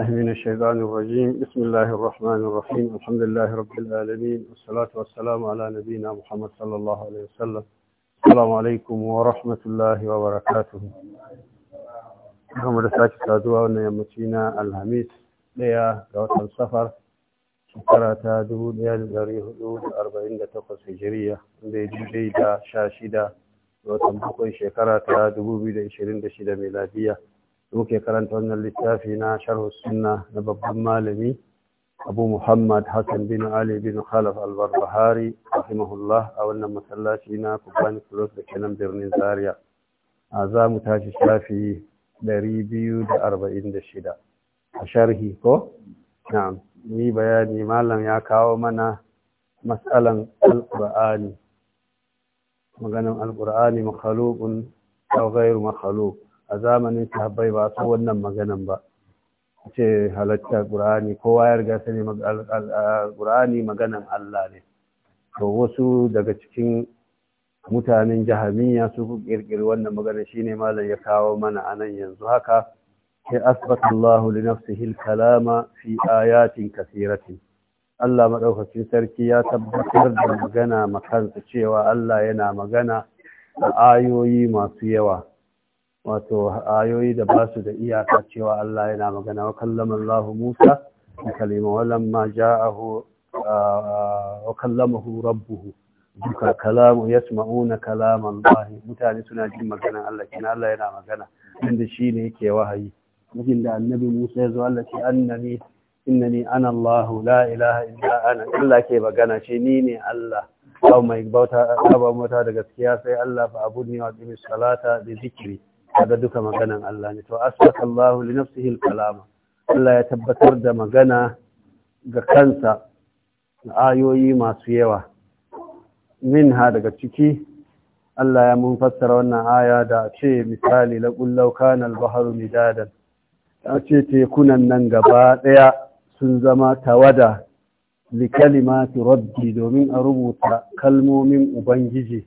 من الشيطان الرجيم بسم الله الرحمن الرحيم الحمد لله رب العالمين والصلاة والسلام على نبينا محمد صلى الله عليه وسلم السلام عليكم ورحمة الله وبركاته محمد ساكي سادوا ونيمتينا الهميس ليا قوات السفر شكرا تادو ليا لداري حدود أربعين لتقص هجرية بيجي جيدا شاشدة وتنبقي شكرا تادو بيدا إشرين دشدا ميلادية muke karanta wannan littafi na sharhu sunna na babban malami abu muhammad hassan bin ali bin khalaf al-barbahari rahimahullah a wannan masallaci na kubani cross da kenan birnin zaria a za mu tashi shafi 246 a sharhi ko na'am ni bayani malam ya kawo mana matsalan alqur'ani maganan alqur'ani makhluqun aw ghayru makhluq a zamanin sahabbai ba su wannan maganan ba ce halatta ƙur'ani kowa ya riga sani ƙur'ani maganan Allah ne to wasu daga cikin mutanen jahamiya su ƙirƙiri wannan magana shine malam ya kawo mana anan yanzu haka sai asbata Allah li nafsihi al-kalama fi ayatin kathiratin Allah madaukakin sarki ya tabbatar da magana makansa cewa Allah yana magana a ayoyi masu yawa wato ayoyi da ba su da iyaka cewa Allah yana magana wa kallaman Allah Musa da kalima walan ma ja'ahu wa kallamahu rabbuhu duka kalamu yasma'una kalaman Allah mutane suna jin maganan Allah kina Allah yana magana inda shine yake wahayi mijin da annabi Musa ya zo Allah ce annani innani ana Allah la ilaha illa ana Allah ke magana shi ni ne Allah ba mai bauta daga mota da gaskiya sai Allah fa abudni wa qimis salata bi zikri kaga duka maganan Allah ne to asbaka Allah li nafsihi al-kalama Allah ya tabbatar da magana ga kansa ayoyi masu yawa minha daga ciki Allah ya mun fassara wannan aya da ce misali la law kana al-bahru midadan Ya ce tekunan nan gaba daya sun zama tawada li kalimati rabbi domin a rubuta kalmomin ubangiji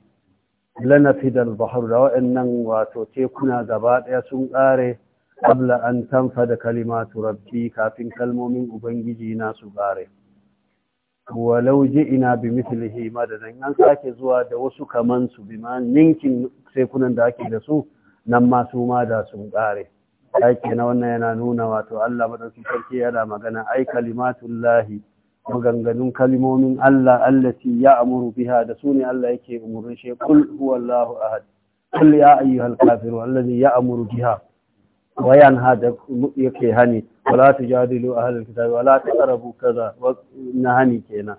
lanafidal bahar da wa'annan wato tekuna gaba ɗaya sun kare, abla an tanfa da kalimatu rabbi kafin kalmomin ubangiji na su kare walau ina bi mithlihi madadan an sake zuwa da wasu kaman su bi ma ninkin sekunan da ake da su nan ma su ma da sun kare ai na wannan yana nuna wato Allah madauki sarki yana magana ai kalimatullahi maganganun kalimomin Allah allati ya amuru biha da su ne Allah yake umurin shi kul huwallahu ahad kul ya ayyuhal kafiru allazi ya amuru biha wa yanha da yake hani wala tujadilu ahlal kitabi wala taqrabu kaza wa nahani kenan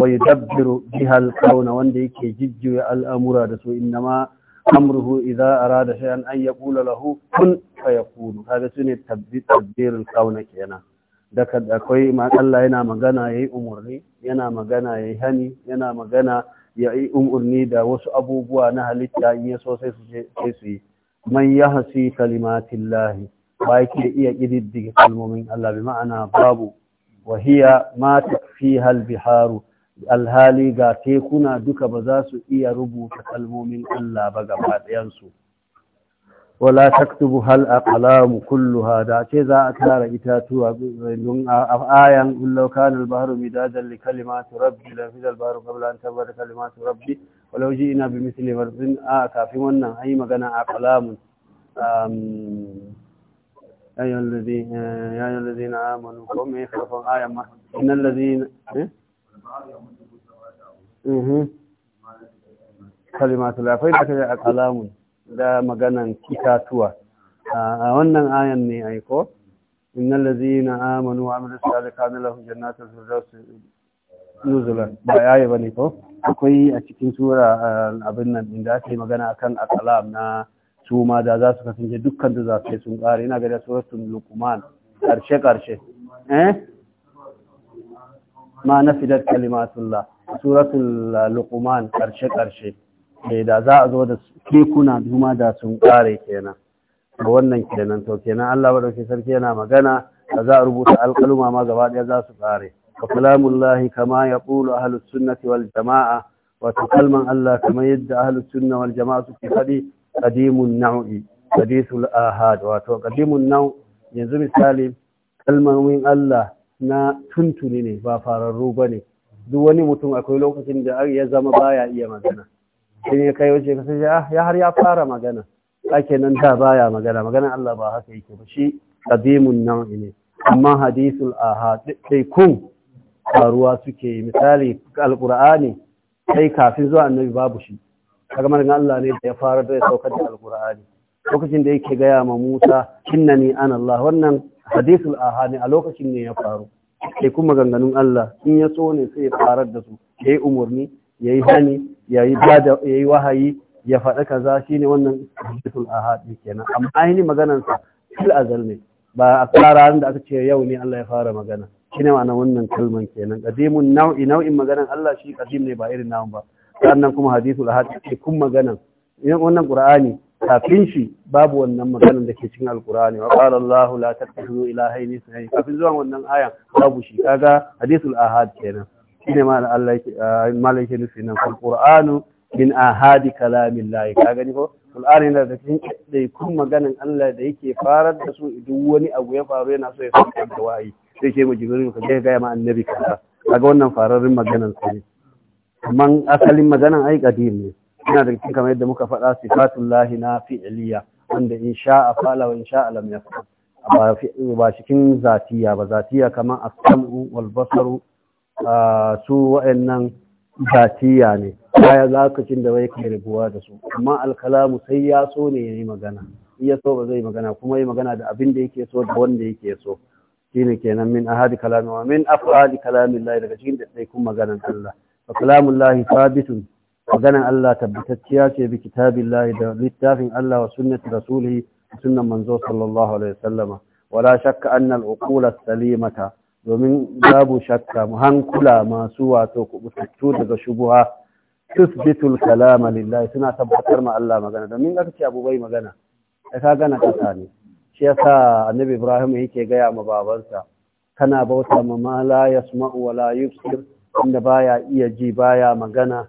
wa yudabbiru biha al-kawn wanda yake jijjuya al'amura da su innama amruhu idza arada shay'an an yaqula lahu kun fayakunu kaga sune tadbir al-kawn kenan da akwai Allah yana magana yayi umurni yana magana yayi hani yana magana yayi umurni da wasu abubuwa na halitta in yaso sai su sai su yi man yahsi kalimatillahi ba yake iya kididdige kalmomin Allah bi ma'ana babu wa hiya ma takfiha albiharu alhali ga tekuna duka ba za su iya rubuta kalmomin Allah ba gaba ɗayan su ولا تكتب هل أقلام كلها دا تزا أكلار إتاتوا دون آية قل لو كان البحر مدادا لكلمات ربي لفذا البحر قبل أن تبر كلمات ربي ولو جئنا بمثل مرض آكا في منا أي مغنى أقلام أي الذين يا الذين آمنوا قوم يخلفوا آية ما إن الذين إيه؟ إيه. كلمات الله فإن أكلام da maganan itatuwa a wannan ayan ne aiko innal ladzina amanu wa amilus salihati lahum jannatul firdaus nuzulan ba yayi bane ko akwai a cikin sura abin nan inda ake magana akan akalam na su ma da za su kasance dukkan da za su sun kare ina ga da suratul luqman karshe karshe eh ma nafidat kalimatullah suratul uh, luqman karshe karshe Eh, da za a zo da kekuna duma da sun ƙare kenan wannan kenan to kenan Allah ba dauke sarki yana magana da za a rubuta alƙaluma ma gaba ɗaya za su ƙare wa kalamullahi kama ya ƙulu ahlus sunnati wal jama'a wato kalman Allah kamar yadda ahlus sunna wal jama'a suke faɗi qadimun nau'i hadithul ahad wato qadimun nau yanzu misali kalmomin Allah na tuntuni ne ba fararru bane duk wani mutum akwai lokacin da ya zama baya iya magana sai ya kai wace ka sai ah, ya har ya fara magana ake nan da baya magana magana Allah ba haka yake ba shi qadimun nan ne amma hadithul ahad sai kun faruwa suke misali alqur'ani sai kafin zuwa annabi babu shi kaga maganar Allah ne da ya fara da saukar da alqur'ani lokacin da yake gaya ma Musa innani ana Allah wannan hadithul ahad ne a lokacin ne ya faru sai kuma ganganun Allah in ya so ne sai ya farar da su umarni umurni yayi hani yayi bada yayi wahayi ya faɗa kaza shine wannan hadithul ahad kenan amma aini maganar sa fil azal ne ba a fara da aka ce yau ne Allah ya fara magana shine ma'anar wannan kalman kenan qadimun nau'i nau'in maganar Allah shi qadim ne ba irin naman ba sannan kuma hadithul ahad ce kun maganar idan wannan qur'ani kafin shi babu wannan maganar da ke cikin alkurani wa qala Allahu la tattakhidhu ilahayn kafin zuwa wannan aya babu shi kaga hadithul ahad kenan shi ne malam nufinan ah, nufi nan alƙur'anu min ahadi kalamin layi ka gani ko al'ani yana da cikin ɗaikun Allah da yake farar da su idan wani abu ya faru yana so ya san da wayi sai ke mu jibril ka ga gaya ma annabi ka kaga wannan fararin maganan sai ne amma asalin maganan ai qadim ne yana da cikin kamar yadda muka faɗa sifatullahi na fi'liya wanda insha a fala wa insha lam ba cikin zatiya ba zatiya kamar as-sam'u wal basaru su wa'annan zatiya ne baya lokacin da wai kai rubuwa da su amma alkalamu sai ya so ne ya yi magana iya so ba zai magana kuma yi magana da abin da yake so da wanda yake so shine kenan min ahadi kalami wa min afali kalamillahi daga cikin daidaikun maganan Allah wa kalamullahi sabitun maganar Allah tabbatacciya ce bi kitabillahi da littafin Allah wa sunnati rasulihi sunnan manzo sallallahu alaihi wasallama wala shakka anna al-uqula salimata domin babu shakka mu hankula masu wato kubutattu daga shubuha tusbitul kalama lillahi suna tabbatar ma Allah magana domin aka ce abu magana ai ka gana kasa ne shi yasa annabi Ibrahim yake gaya ma babansa kana bauta ma ma la yasma'u wa la yubsir inda baya iya ji baya magana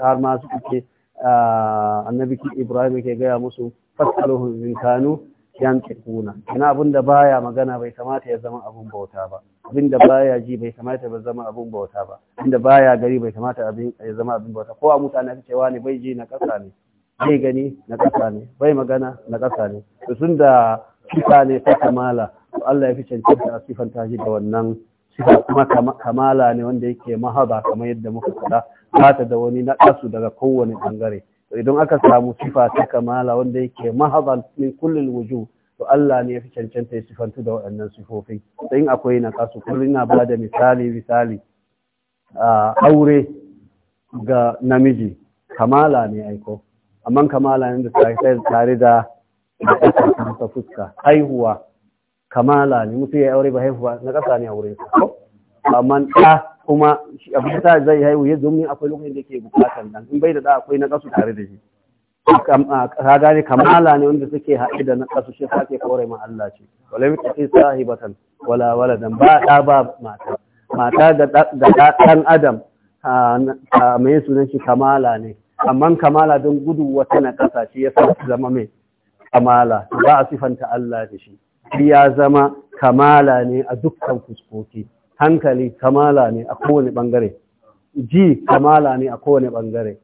har ma suke ah, annabi Ibrahim yake gaya musu fasaluhu in kanu yantiquna ina abin da baya magana bai kamata ya zama abun bauta ba abin da baya ji bai kamata ya zama abun bauta ba abin da baya gari bai kamata ya zama abin bauta ko a mutane ake cewa ne bai ji na kasa ne bai gani na kasa ne bai magana na kasa ne to sun da sifa ne ta kamala to Allah ya fi cancanta a sifan tashi da wannan sifa kuma kamala ne wanda yake mahaba kamar yadda muka faɗa ba ta da wani na daga kowane bangare idan aka samu sifa ta kamala wanda yake mahadal min kullil wujuh to Allah ne ya fi cancanta ya sifantu da waɗannan sifofi sai in akwai na kasu kullum na ba da misali misali aure ga namiji kamala ne aiko amma kamala ne da tare da ta fuska haihuwa kamala ne mutu ya aure ba haihuwa na ƙasa ne aure. ko man ɗa kuma abin da zai haihu ya domin akwai lokacin da ke bukatar nan in bai da ɗa akwai na ƙasu tare da shi ka gane kamala ne wanda suke haɗe da na ƙasu shi ake kore ma Allah ce wala mi tafi sahibatan wala waladan ba ɗa ba mata mata da ɗan adam mai sunan shi kamala ne amma kamala don gudu wata na ƙasa ce ya zama mai kamala ba a sifanta Allah da shi ya zama kamala ne a dukkan fuskoki hankali kamala ne a kowane ɓangare ji kamala ne a kowane ɓangare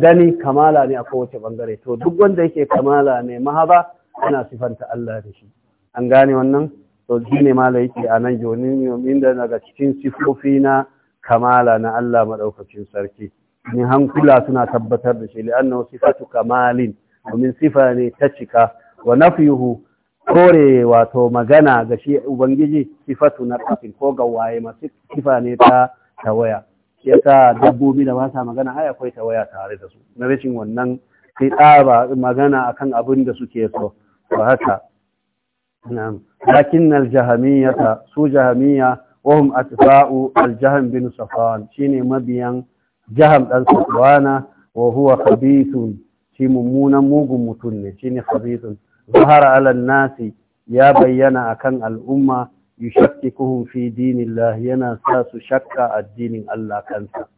gani kamala ne a kowace bangare to duk wanda yake kamala ne mahaba ana sifanta Allah da shi an gane wannan to shi ne mala yake a nan yomin da daga cikin sifofi na kamala na Allah maɗaukacin sarki ni hankula suna tabbatar da shi li'annahu sifatu kamalin domin sifa ne ta cika wa nafyuhu kore wato magana ga shi ubangiji sifatu na kafin ko gawaye masu sifa ne ta tawaya ya sa dabbobi da ba magana ai akwai tawaya tare da su na rashin wannan sai tsaba magana akan abin da suke so ba haka na'am lakin su jahamiya wahum atba'u aljaham bin safwan shine mabiyan jaham dan safwana wa huwa khabithun shi mummunan mugun mutum ne shine khabithun zahara ala nasi ya bayyana akan al'umma yushakkikuhum fi dinillah yana sa su shakka addinin Allah kansa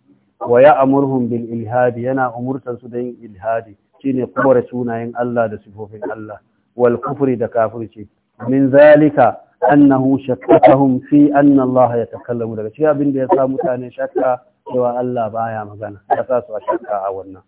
wa ya'muruhum bil ilhadi yana umurtan su da yin ilhadi shine kubare sunayen Allah da sifofin Allah wal kufri da kafirci min zalika annahu shakkakahum fi anna Allah yatakallamu daga cikin abin da ya sa mutane shakka cewa Allah baya magana ya sa su shakka a wannan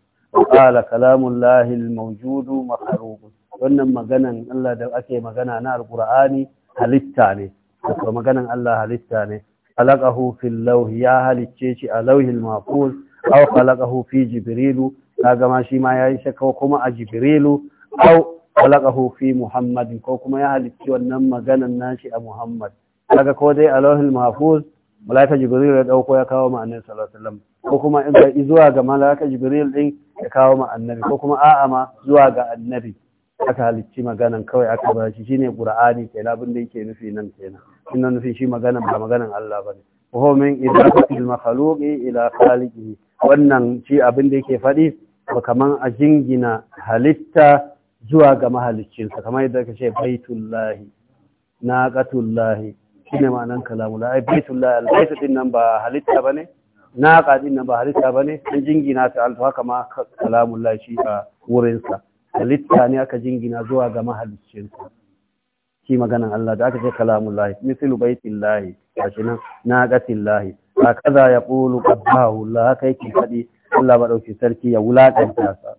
qala kalamullahi al-mawjudu makhluqun wannan maganan Allah da ake magana na alkur'ani halitta ne kuma maganan Allah halitta ne khalaqahu fil lawh ya halicce shi a lawhil mahfuz aw khalaqahu fi jibrilu kaga ma shi ma yayi shakka kuma a jibrilu aw khalaqahu fi Muhammad ko kuma ya halicci wannan maganan nashi a muhammad kaga ko dai a lawhil mahfuz malaika jibril ya dauko ya kawo ma annabi sallallahu alaihi wasallam ko kuma in zuwa ga malaika jibril din ya kawo ma annabi ko kuma a'a ma zuwa ga annabi aka halicci maganan kawai aka ba shi shine qur'ani kenan abin da yake nufi nan kenan ina nufin shi maganan ba maganan Allah bane wa huwa min idafatil makhluqi ila khaliqihi wannan shi abin da yake faɗi ba kaman a jingina halitta zuwa ga sa kamar yadda ka ce baitullahi naqatullahi shine ma'anan kalamu la baitullahi baitu din nan ba halitta bane naqa din nan ba halitta bane an jingina ta alfa kama kalamullahi shi a wurinsa halitta ne aka jingina zuwa ga mahaliccinsa shi maganan Allah da aka ce kalamullahi mislu baitillahi gashi nan naqatillahi ba kaza ya qulu qabbahu la haka yake faɗi. Allah madauki sarki ya wulakanta sa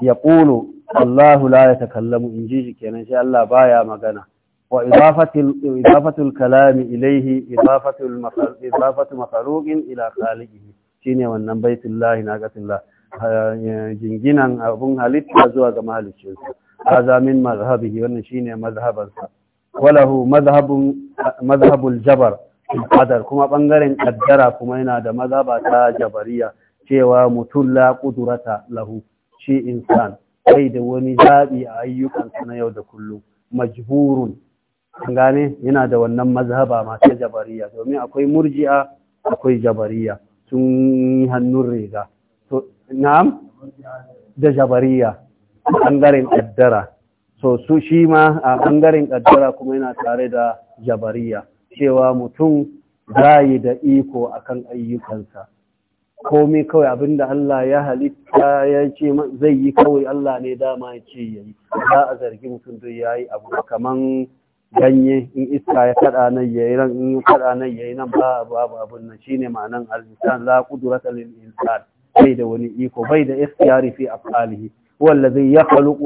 ya qulu Allahu la in inji shi kenan shi Allah baya magana wa idafatul kalami ilaihi idafatul mafal ila khaliqihi shine wannan baitillahi naqatillahi Eh, jinginan abun halitta zuwa ga mahaliccinsa haza min mazhabihi wannan shine mazhabansa walahu mazhabun mazhabul jabar qadar kuma bangaren ƙaddara kuma yana da mazhaba ta jabariya cewa mutum la qudrata lahu shi insan kai da wani zaɓi a ayyukansa na yau da kullum majburun gane yana da wannan mazhaba masu jabariya domin akwai murji'a akwai jabariya sun hannun riga na'am da jabariya a ɓangaren ƙaddara so su shi ma a ɓangaren ƙaddara kuma yana tare da jabariya cewa mutum za yi da iko akan ayyukansa komai kawai abinda Allah ya halitta ya ce zai yi kawai Allah ne dama ya ce ya yi za a zargi mutum don ya yi abu kaman ganye in iska ya kada nan ya yi nan in ya kada nan ya yi nan ba abu abu nan shine ma'anan al-insan la qudrata lil insan bai da wani iko bai da iskiyari fi afalihi huwa zai ya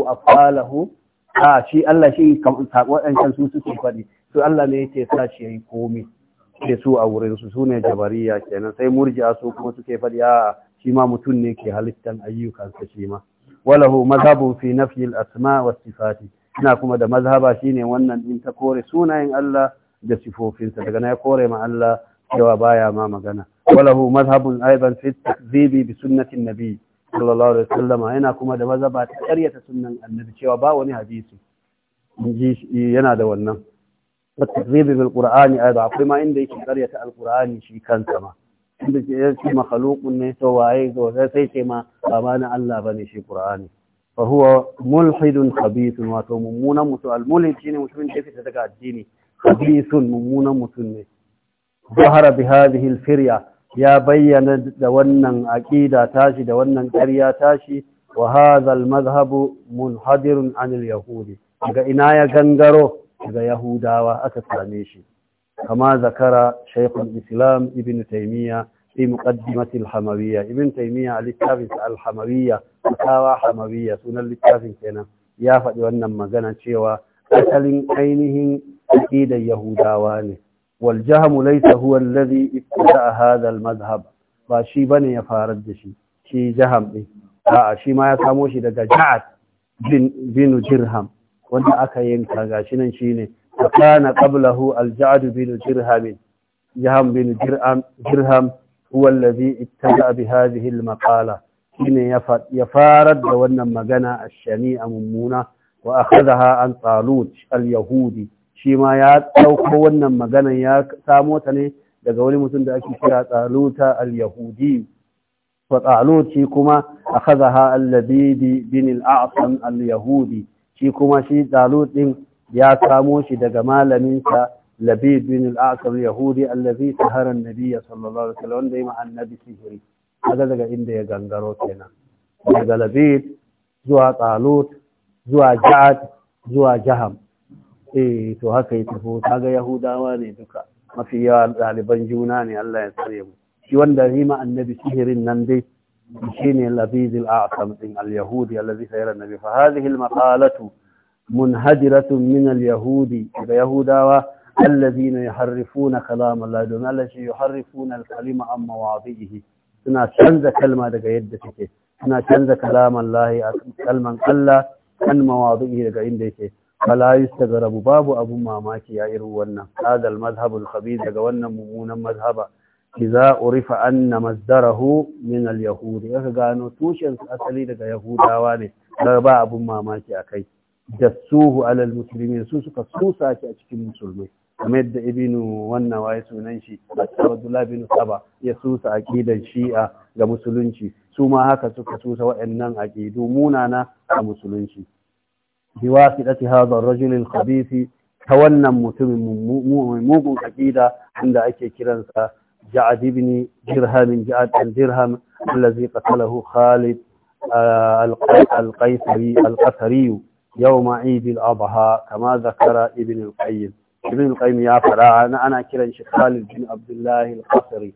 afalahu a shi Allah shi waɗancan su suke faɗi to Allah ne yake sa shi yayi komai da su a wurin su sune jabariya kenan sai murji'a su kuma suke faɗi a shi ma mutum ne ke halittan ayyukansa shi ma walahu mazhabun fi nafyi asma wa sifati ina kuma da mazhaba shine wannan din ta kore sunayen Allah da sifofinsa daga na ya kore ma Allah cewa baya ma magana walahu mazhabun aiban fi takzibi bi sunnati nabi sallallahu alaihi wasallam yana kuma da mazhaba ta karyata sunnan annabi cewa ba wani hadisi yana da wannan takzibi bil qur'ani aidan akwai ma inda yake karyata alqur'ani shi kansa ma inda ke yace makhluqun ne to waye to sai ce ma ba ma na Allah bane shi qur'ani fa huwa mulhidun khabith wato mummunan mutu al mulhid shine mutumin da yake daga addini khabithun mummunan mutum ne zahara bi hadhihi al-firya ya bayyana da wannan aqida tashi da wannan ƙarya tashi wa hadha al madhhabu munhadirun an al-yahudi ga ina ya gangaro ga yahudawa aka same shi kama zakara shaykh islam ibn taymiya fi muqaddimat al-hamawiyya ibn taymiya al-kitab al-hamawiyya kawa hamawiyya sunan littafin kenan ya faɗi wannan magana cewa asalin ainihin aqidar yahudawa ne wal jahm laysa huwa alladhi ibtada'a hadha al madhhab ba shi bane ya fara da shi shi jaham a'a shi ma ya kamo shi daga ja'ad bin dirham wanda aka yanka gashi nan shine kana qablahu al ja'ad bin dirham jaham bin dirham dirham huwa alladhi ibtada'a bi hadhihi al maqala shine ya farar da wannan magana a shami'a mummuna wa akhadha an talut al yahudi shi ma ya ɗauko wannan maganan ya samo ta ne daga wani mutum da ake kira tsaluta al-yahudi wa tsaluci kuma a kaza ha al-labidi bin al al-yahudi shi kuma shi tsalut ɗin ya samo shi daga malaminsa labid bin al-a'asan al-yahudi allazi sahara sallallahu alaihi wasallam da ma annabi sihiri kaga daga inda ya gangaro kenan daga labid zuwa tsalut zuwa ja'ad zuwa jaham eh to haka ya tafi kaga yahudawa ne duka mafi yawa ɗaliban juna ne Allah ya tsare mu shi wanda rima annabi sihirin nan dai shi ne labizil a'sam din al-yahudi allazi sayara annabi fa hadhihi al-maqalatu munhadiratun min al-yahudi da yahudawa الذين Na كلام ya دون na kalima an عن مواضعه suna canza kalma daga yadda suke. suna canza kalaman lahi a kalman Allah kan mawadu daga inda yake fala rabu babu abun mamaki ya irin wannan hadal mazhabul khabith daga wannan mummunan mazhaba iza urifa anna masdarahu min al yahud yaka gano tushen asali daga yahudawa ne dar ba abun mamaki akai kai? ala al muslimin su suka susa shi a cikin musulmai kamar yadda ibnu wannan waye sunan shi Abdullah bin Saba ya susa aqidan Shi'a ga musulunci su ma haka suka susa waɗannan aqidu munana a musulunci بواسطة هذا الرجل الخبيث تولى متمم مو عقيدة عند أكي كرنسا جعد بن درهم جعد بن درهم الذي قتله خالد آه، القيصري القثري يوم عيد الأضحى كما ذكر ابن القيم ابن القيم يا فرع أنا أنا شيخ خالد بن عبد الله القثري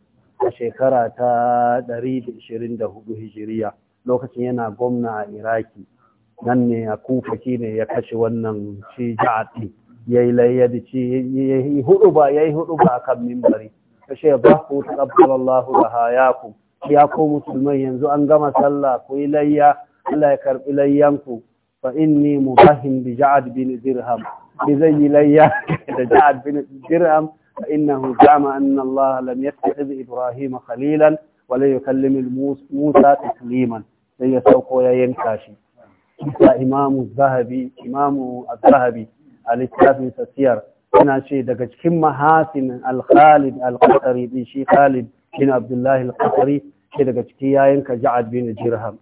شكرة 124 هجرية لوكتي أنا قمنا عراقي nan ne a kufa shi ne ya kashe wannan shi ja'adi ya yi layyadi shi ya yi hudu ba ya yi hudu ba a kan mimbari ta ce ba ku taɓar da hayaku ya ko musulmai yanzu an gama sallah ku yi layya Allah ya karɓi layyanku fa inni mubahim bi ja'ad bin dirham bi zai yi layya da ja'ad bin dirham fa innahu zama anna Allah lam yattakhidh Ibrahim khalilan wa la yukallimu Musa takliman sai ya sauko ya yanka shi isa imamu zahabi imamu zahabi a littafin sasiyar yana ce daga cikin mahasin al-khalid al-qasari din shi khalid bin abdullahi al-qasari daga ciki yayinka ja'ad bin dirham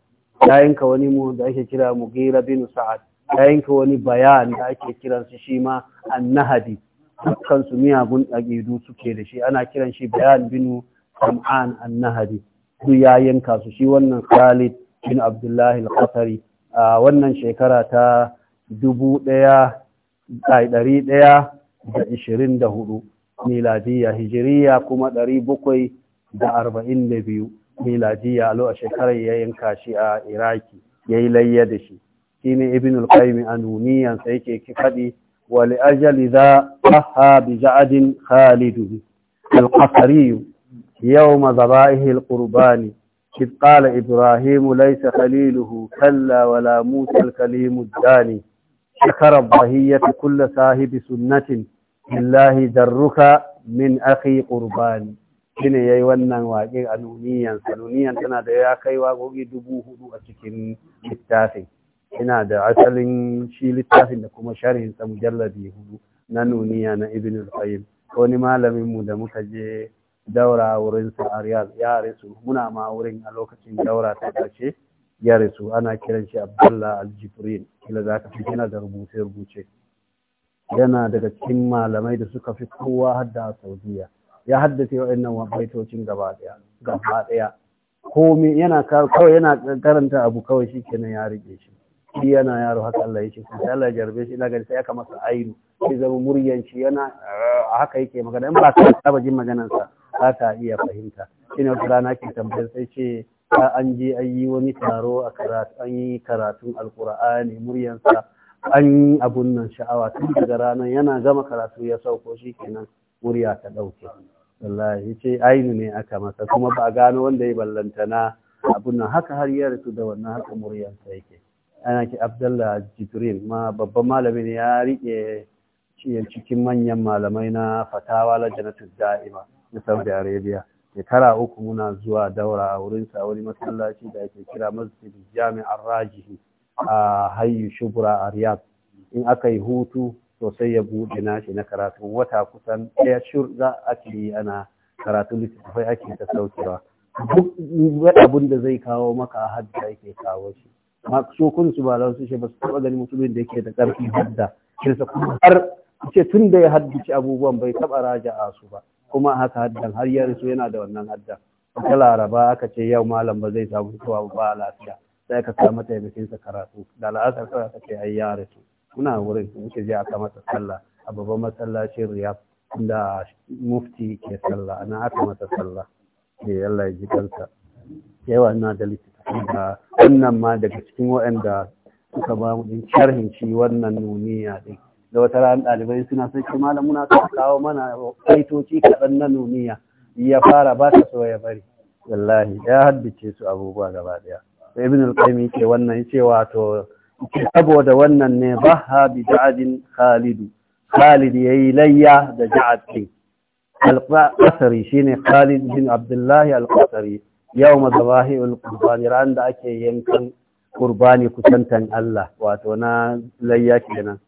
yayinka wani mu da ake kira mugira bin sa'ad yayinka wani bayan da ake kiransu shi ma annahadi dukkan su miyagun aqidu suke da shi ana kiran shi bayan bin sam'an annahadi duk yayinka su shi wannan khalid bin abdullahi al-qasari a wannan shekara ta dubu ɗaya ɗari ɗaya da ishirin da hudu miladiya hijiriya kuma ɗari bakwai da arba'in da biyu miladiya a shekarar ya yanka shi a iraki ya yi layya da shi shi ne ibn al a anuniyan sai yake faɗi wa li ajali za aha bi ja'adin khalidu al-qasari yawma zabaihi al-qurbani إذ Ibrahimu إبراهيم ليس خليله كلا ولا موسى الكليم الداني شكر الضهية كل صاحب سنة لله درك من أخي قربان shine yayi wannan waƙe a nuniyan nuniyan tana da ya kai waƙoƙi dubu hudu a cikin littafin ina da asalin shi littafin da kuma sharhin mujalladi hudu na nuniya na ibn al-qayyim wani malamin mu da muka je daura wurin sa riyad ya rasu muna ma wurin a lokacin daura ta karshe ya rasu ana kiran shi abdullah aljibril kila za ka fi yana da rubuce rubuce yana daga cikin malamai da suka fi kowa hadda a saudiya ya haddace wa'annan baitocin gaba daya gaba daya komai yana kawai yana karanta abu kawai shi kenan ya rike shi shi yana yaro haka Allah ya ce sai Allah ya jarbe shi ina gani sai aka masa ainu sai zama muryan shi yana haka yake magana in ba ka saba jin maganar sa ba ta iya fahimta shine wata rana ke tambayar sai ce an je an yi wani taro a karatu an yi karatun alkur'ani muryansa an yi abun nan sha'awa tun daga ranar yana gama karatu ya sauko shi kenan murya ta ɗauke wallahi ce ainu ne aka masa kuma ba gano wanda ya na abun nan haka har ya rasu da wannan haka muryansa yake ana ki abdallah jibril ma babban malamin ya riƙe cikin manyan malamai na fatawa la da'ima na Saudi Arabia shekara uku muna zuwa daura a wurin sa wani masallaci da ake kira Masjid Jami' raji a Hayyu Shubra a Riyadh in aka yi hutu to sai ya buɗe nashi na karatu wata kusan ɗaya shur za a yi ana karatu littattafai ake ta saukewa duk abin da zai kawo maka hadda yake kawo shi su kun su ba su ce ba su taɓa ganin musulmin da yake da ƙarfi hadda kirsa kuma har ce tun da ya haddace abubuwan bai taɓa raja'a su ba kuma haka haddan har ya rasu yana da wannan haddan ta laraba aka ce yau malam ba zai samu zuwa ba a lafiya sai ka kama taimakin sa karatu da la'asar sai aka ce ai ya rasu muna wurin muke je aka masa sallah a babban masallacin riyab inda mufti ke sallah ana aka masa sallah ne eh, Allah ya ji kansa yawa na da littafi da wannan ma daga cikin waɗanda suka ba mu din sharhin shi wannan nuniya din da wata ran ɗalibai suna sai ce malam muna kawo mana kaitoci kaɗan na nuniya ya fara ba ta so ya bari wallahi ya haddace su abubuwa gaba ɗaya sai ibn al-qayyim wannan yace wato saboda wannan ne baha bi ja'adin khalid khalid yayi layya da ja'ad al-qasri shine khalid bin abdullahi al-qasri yawm zawahi al-qurbani ran da ake yankan qurbani kusantan Allah wato na layya kenan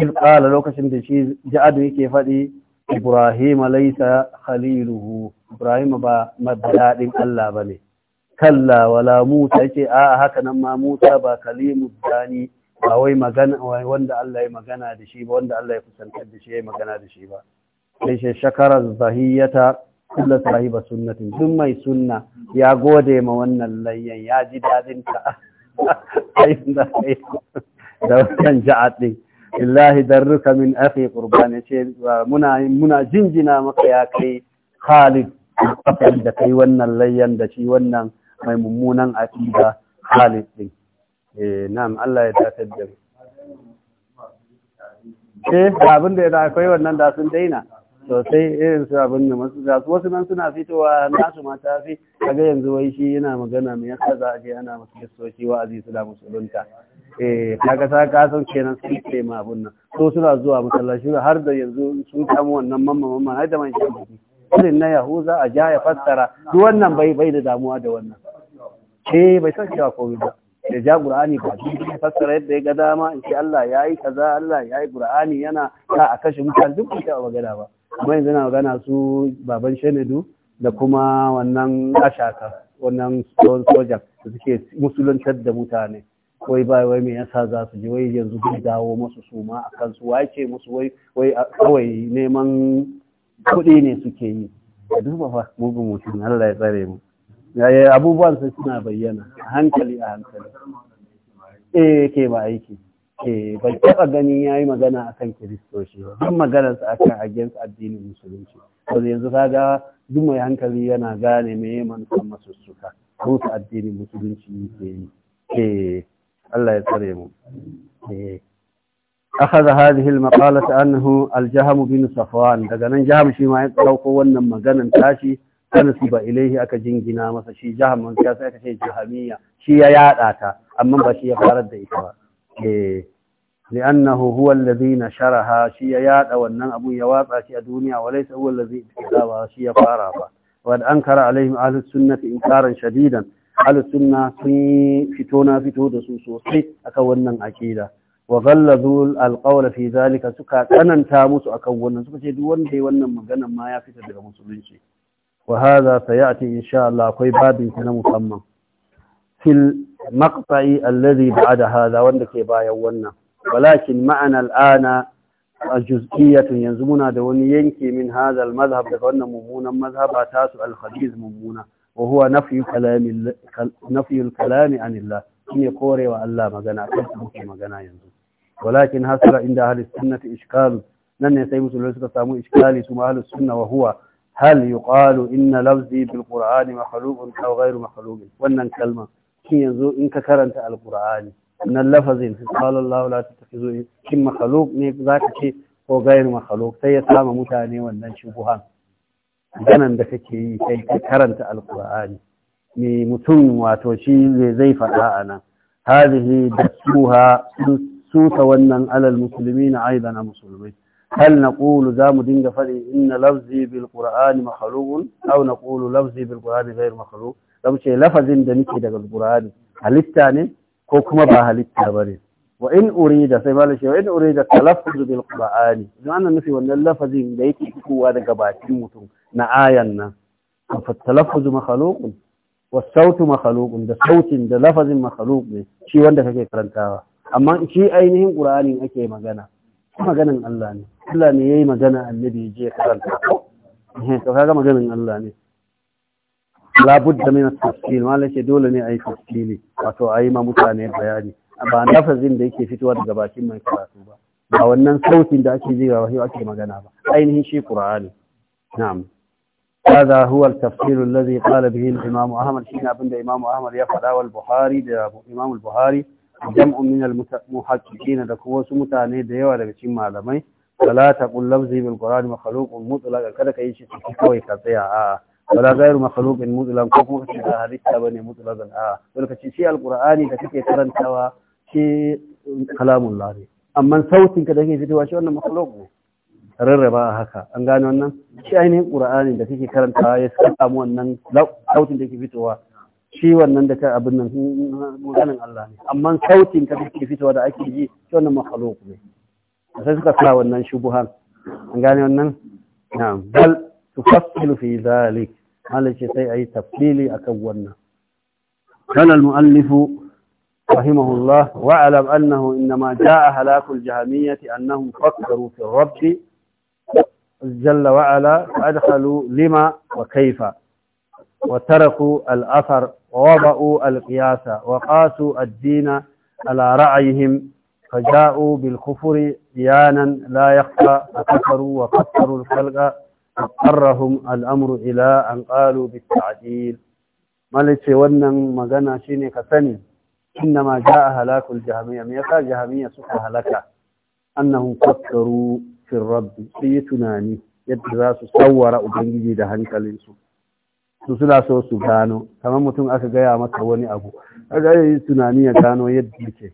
in ƙala lokacin da shi ja'adu yake faɗi ibrahim laisa khaliluhu ibrahim ba madadin Allah ba ne kalla wala musa yake a haka nan ma musa ba kalimu dani ba wai magana wanda Allah ya magana da shi ba wanda Allah ya kusantar da shi ya magana da shi ba sai shi shakara zahiyata kullu sahiba sunnatin duk mai sunna ya gode ma wannan layyan ya ji dadin ta da wannan ja'ad din illahi darruka min afi qurban yace muna muna jinjina maka ya kai Khalid kafin da kai wannan layyan da shi wannan mai mummunan aqida Khalid din eh na'am Allah ya tatar da eh abin da ya akwai wannan da sun daina sosai irin su abin da masu za su wasu nan suna fitowa nasu mata fi kaga yanzu wai shi yana magana me yasa za a je ana masu gaskoki wa'azi su da musulunta eh kaga sa ka san kenan sun ce ma abun nan so suna zuwa masallaci har da yanzu sun samu wannan mamman mamman har da man shan biki irin na yahuza a ja ya fassara duk wannan bai bai da damuwa da wannan ke bai san cewa komai ba da ja qur'ani ba ya fassara yadda ya ga dama in Allah yayi kaza Allah yayi qur'ani yana ka a kashe mutane duk ba magana ba amma yanzu na magana su baban Shenedu da kuma wannan ashaka wannan soja da suke musuluntar da mutane wai ba wai me yasa za su ji wai yanzu zai dawo masu su a kansu wace musu wai wai kawai neman kuɗi ne suke yi a duba fa mugun mutum Allah ya tsare mu yaya abubuwan sun suna bayyana a hankali a hankali eh ke ba aiki ke eh, ban taɓa ganin yayi magana akan kiristoci ba duk maganar sa akan against addinin musulunci to yanzu kaga duk mai hankali yana gane me manufan masussuka rusa addinin musulunci yake yi eh Allah ya tsare mu أخذ هذه المقالة أنه الجهم بن صفوان دقنا جهم شي ما يتلوقوا وانا مغانا تاشي فنسب إليه أكا جنجنا مسا شي جهم من سياسة أكا شي جهمية شي ياد آتا أما با شي يفارد إيكوا إيه. لأنه هو الذي نشرها شي ياد وانا أبو يواطع شي الدنيا وليس هو الذي ابتداها شي يفارها وقد أنكر عليهم أهل السنة إنكارا شديدا al-sunna sun yi fito na fito da su sosai akan wannan aqida wa ghallazu al fi zalika suka tsananta musu akan wannan suka ce duk wanda yayi wannan maganan ma ya fita daga musulunci wa hadha sayati insha Allah akwai babin na musamman fil maqta'i alladhi ba'da hadha wanda ke bayan wannan walakin ma'ana al-ana juz'iyatun yanzu muna da wani yanki min hadha al-madhhab daga wannan mummunan mazhaba tasu al-khabiz mummuna wa huwa nafyu kalami nafyu kalami anillah shine korewa Allah magana kan muke magana yanzu walakin hasara inda ahli sunnati ishkal nan ne sai musulmai suka samu iskali su ahli sunna wa huwa hal yuqalu inna lafzi bil qur'ani makhluqun aw ghayru makhluqin wannan kalma shin yanzu in ka karanta alqur'ani nan lafazin qala Allah la tattakhizu shin makhluq ne zaka ce ko ghayru makhluq sai ya sama mutane wannan shubuhan ganan da kake yi kai ka karanta alkur'ani me mutum wato shi ne zai faɗa a nan hadhihi dasuha suta wannan alal muslimina na musulmai hal naqulu za mu dinga faɗi inna lafzi bil qur'ani makhluqun aw naqulu lafzi bil qur'ani ghayr makhluq ce lafazin da nake daga ƙur'ani halitta ne ko kuma ba halitta bane wa in urida sai malam shi wa in urida talaffuz bil qur'ani don ana nufi wannan lafazin da yake fitowa daga bakin mutum na ayan nan fa talaffuz makhluqun wa sautu makhluqun da sautin da lafazin makhluq ne shi wanda kake karantawa amma shi ainihin qur'anin ake magana maganan Allah ne Allah ne yayi magana annabi je karanta eh, to kaga maganan Allah ne labudda min at-tafsil malam shi dole ne ayi tafsili wato ayi ma mutane bayani ba nafazin da yake fitowa daga bakin mai karatu ba ba wannan sautin da ake jira wahayi ake magana ba ainihin shi qur'ani na'am hadha huwa al-tafsir alladhi qala bihi al-imam ahmad shi ne abinda imam ahmad ya faɗa wal buhari da imam al-buhari jam'u min al-muhaddithin da kuma wasu mutane da yawa daga cin malamai fala taqul lafzi bil qur'ani makhluqun mutlaq kada kai shi cikin kawai ka tsaya a wala ghayru makhluqin mutlaq ko kuma shi da hadisi bane mutlaq a lokaci shi al da kake karantawa shi kalamun lare amma sautin ka da kake fitowa shi wannan makhluk ne rarraba haka an gane wannan shi ainihin qur'ani da kake karanta ya samu wannan sautin da ke fitowa shi wannan da ka abin nan maganin Allah ne amma sautin ka da kake fitowa da ake ji shi wannan makhluk ne sai suka sa wannan shubuhan an gane wannan na'am bal tufassilu fi dhalik malaka sai ayi tafsili akan wannan kana al-mu'allifu رحمه الله واعلم أنه إنما جاء هلاك الجهمية أنهم فكروا في الرب جل وعلا فأدخلوا لما وكيف وتركوا الأثر ووضعوا القياس وقاسوا الدين على رأيهم فجاءوا بالكفر ديانا لا يخفى فكفروا وكفروا الخلق اضطرهم الأمر إلى أن قالوا بالتعديل مالك ونن مغنى شيني كثني inna ma ja a halakul jahamiya mai yasa jahamiya suka halaka annahu kwakkaru fi rabbi sai yi tunani yadda za su tsawara ubangiji da hankalinsu su suna so su gano kamar mutum aka gaya maka wani abu a gaya yi tunani ya gano yadda yake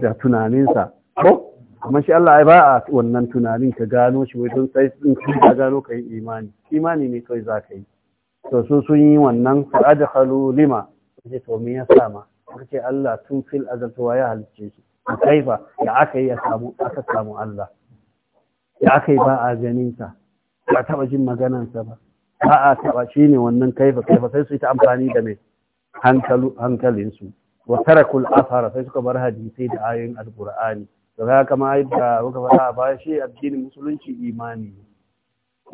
da tunaninsa ko amma Allah ai ba a wannan tunanin ka gano shi wai don sai in ka gano kai imani imani ne kai zakai to so sun yi wannan fa adkhalu lima je me ya sama suka Allah tun fil azal to ya halicce shi kaifa ya aka yi ya samu aka samu Allah ya aka yi ba a ganin sa ba taba jin maganan ba ba a taba ne wannan kaifa kaifa sai su yi ta amfani da mai hankalu hankalin su wa tarakul athara sai suka bar hadisi da ayoyin alqur'ani da za ka ma yadda muka faɗa a baya shi addinin musulunci imani ne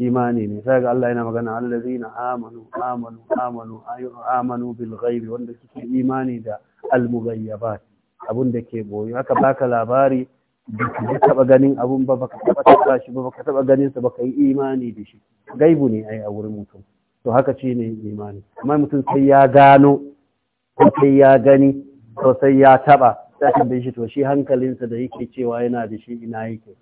imani ne sai ga Allah yana magana allazina amanu amanu amanu amanu bil ghaibi wanda suke imani da al mubayyabat abun da ke boye haka baka labari da taba ganin abun ba baka taba taba shi ba baka taba ganin sa baka yi imani da shi gaibu ne ai a wurin mutum to haka shi ne imani amma mutum sai ya gano ko sai ya gani ko sai ya taba sai tambaye shi to shi hankalinsa da yake cewa yana da shi ina yake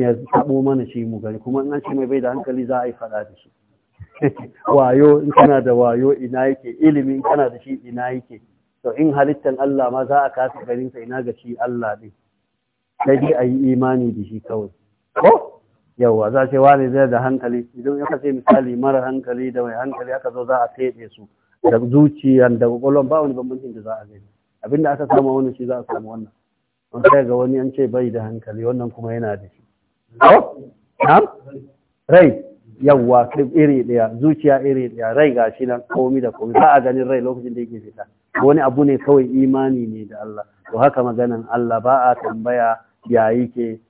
ya tabo mana shi mu gani kuma in an ce mai bai da hankali za a yi fada da shi wayo in kana da wayo ina yake ilimi in kana da shi ina yake to in halittan Allah ma za a kasa garin sa ina ga shi Allah ne sai dai ayi imani da shi kawai ko yawa za ce wani zai da hankali idan ya kace misali mara hankali da mai hankali aka zo za a fede su da zuciyan da kwakwalwan ba wani bambancin da za a gani abinda aka samu wannan shi za a samu wannan an sai ga wani an ce bai da hankali wannan kuma yana da shi Ko! na'am rai yawwa iri daya zuciya iri daya rai gashi nan komi da komi ba a ganin rai lokacin da yake fita wani abu ne kawai imani ne da Allah to haka maganan Allah ba a tambaya ya yake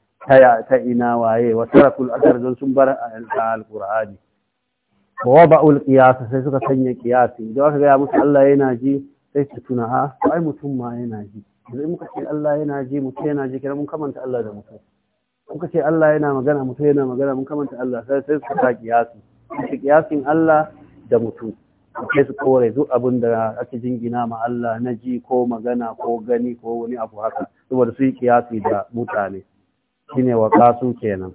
ta ina waye wa tarakul don sun bar alqur'ani wa ba'ul qiyas sai suka sanya qiyasi idan aka gaya musu Allah yana ji sai su tuna a ah, ai mutum ma yana ji idan muka ce Allah yana ji mutum yana ji kira mun kamanta Allah da mutum kuka ce Allah yana magana mutum yana magana mun kamanta Allah sai sai suka saki kiyasi shi kiyasin Allah da mutum sai su kore duk abin da ake jingina ma Allah na ji ko magana ko gani ko wani abu haka saboda su yi kiyasi da mutane shine wa kasu kenan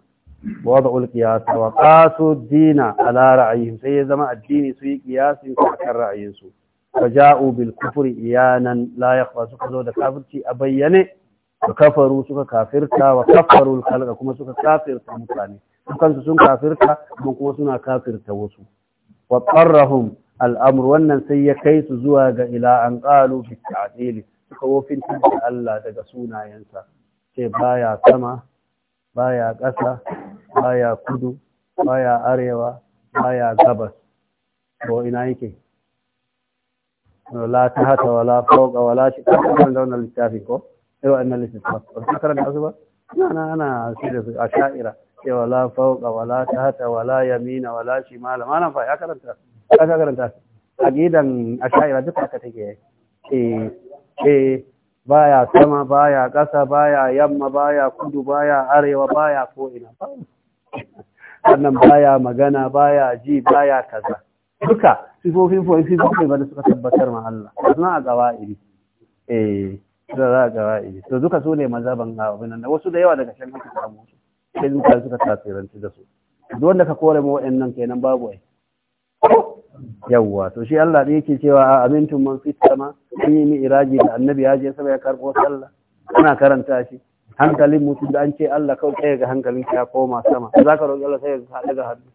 wada ul qiyas wa kasu dina ala ra'ayihim sai ya zama addini su yi su kan ra'ayin su ja'u bil kufri iyanan la yakhfa su zo da kafirci a bayyane wa kafaru suka kafirta wa kafaru khalqa kuma suka kafirta mutane dukansu sun kafirta kuma kuma suna kafirta wasu wa qarrahum al'amur wannan sai ya kai su zuwa ga ila an ƙalu fi ta'dili suka wofin da Allah daga sunayensa ce baya sama baya ƙasa baya kudu baya arewa baya gabas ko ina yake wala ta hata wala fauka wala shi kan zauna littafi ko irin wannan littattafan ba su karanta su ba ana ana sai da a sha'ira cewa la wala tahta wala yamina wala shimala malam ya karanta ka karanta a gidan a sha'ira duk haka take eh eh baya sama baya ƙasa baya yamma baya kudu baya arewa baya ko ina sannan baya magana baya ji baya kaza duka sifofin fofin sifofin wanda suka tabbatar ma Allah sannan a gawa iri eh da za a gawa iri to duka su ne mazhaban abin nan wasu da yawa daga can haka samu su sai su suka tasiranci da su duk wanda ka kore mu nan kenan babu ai yawwa to shi Allah da yake cewa a amintun man fi sama sun yi mi'iraji da annabi ya je sabai ya karɓo sallah kana karanta shi hankalin mutum da an ce Allah kawai kai ga hankalin ya koma sama za ka roƙi Allah sai ya haɗu ga hannu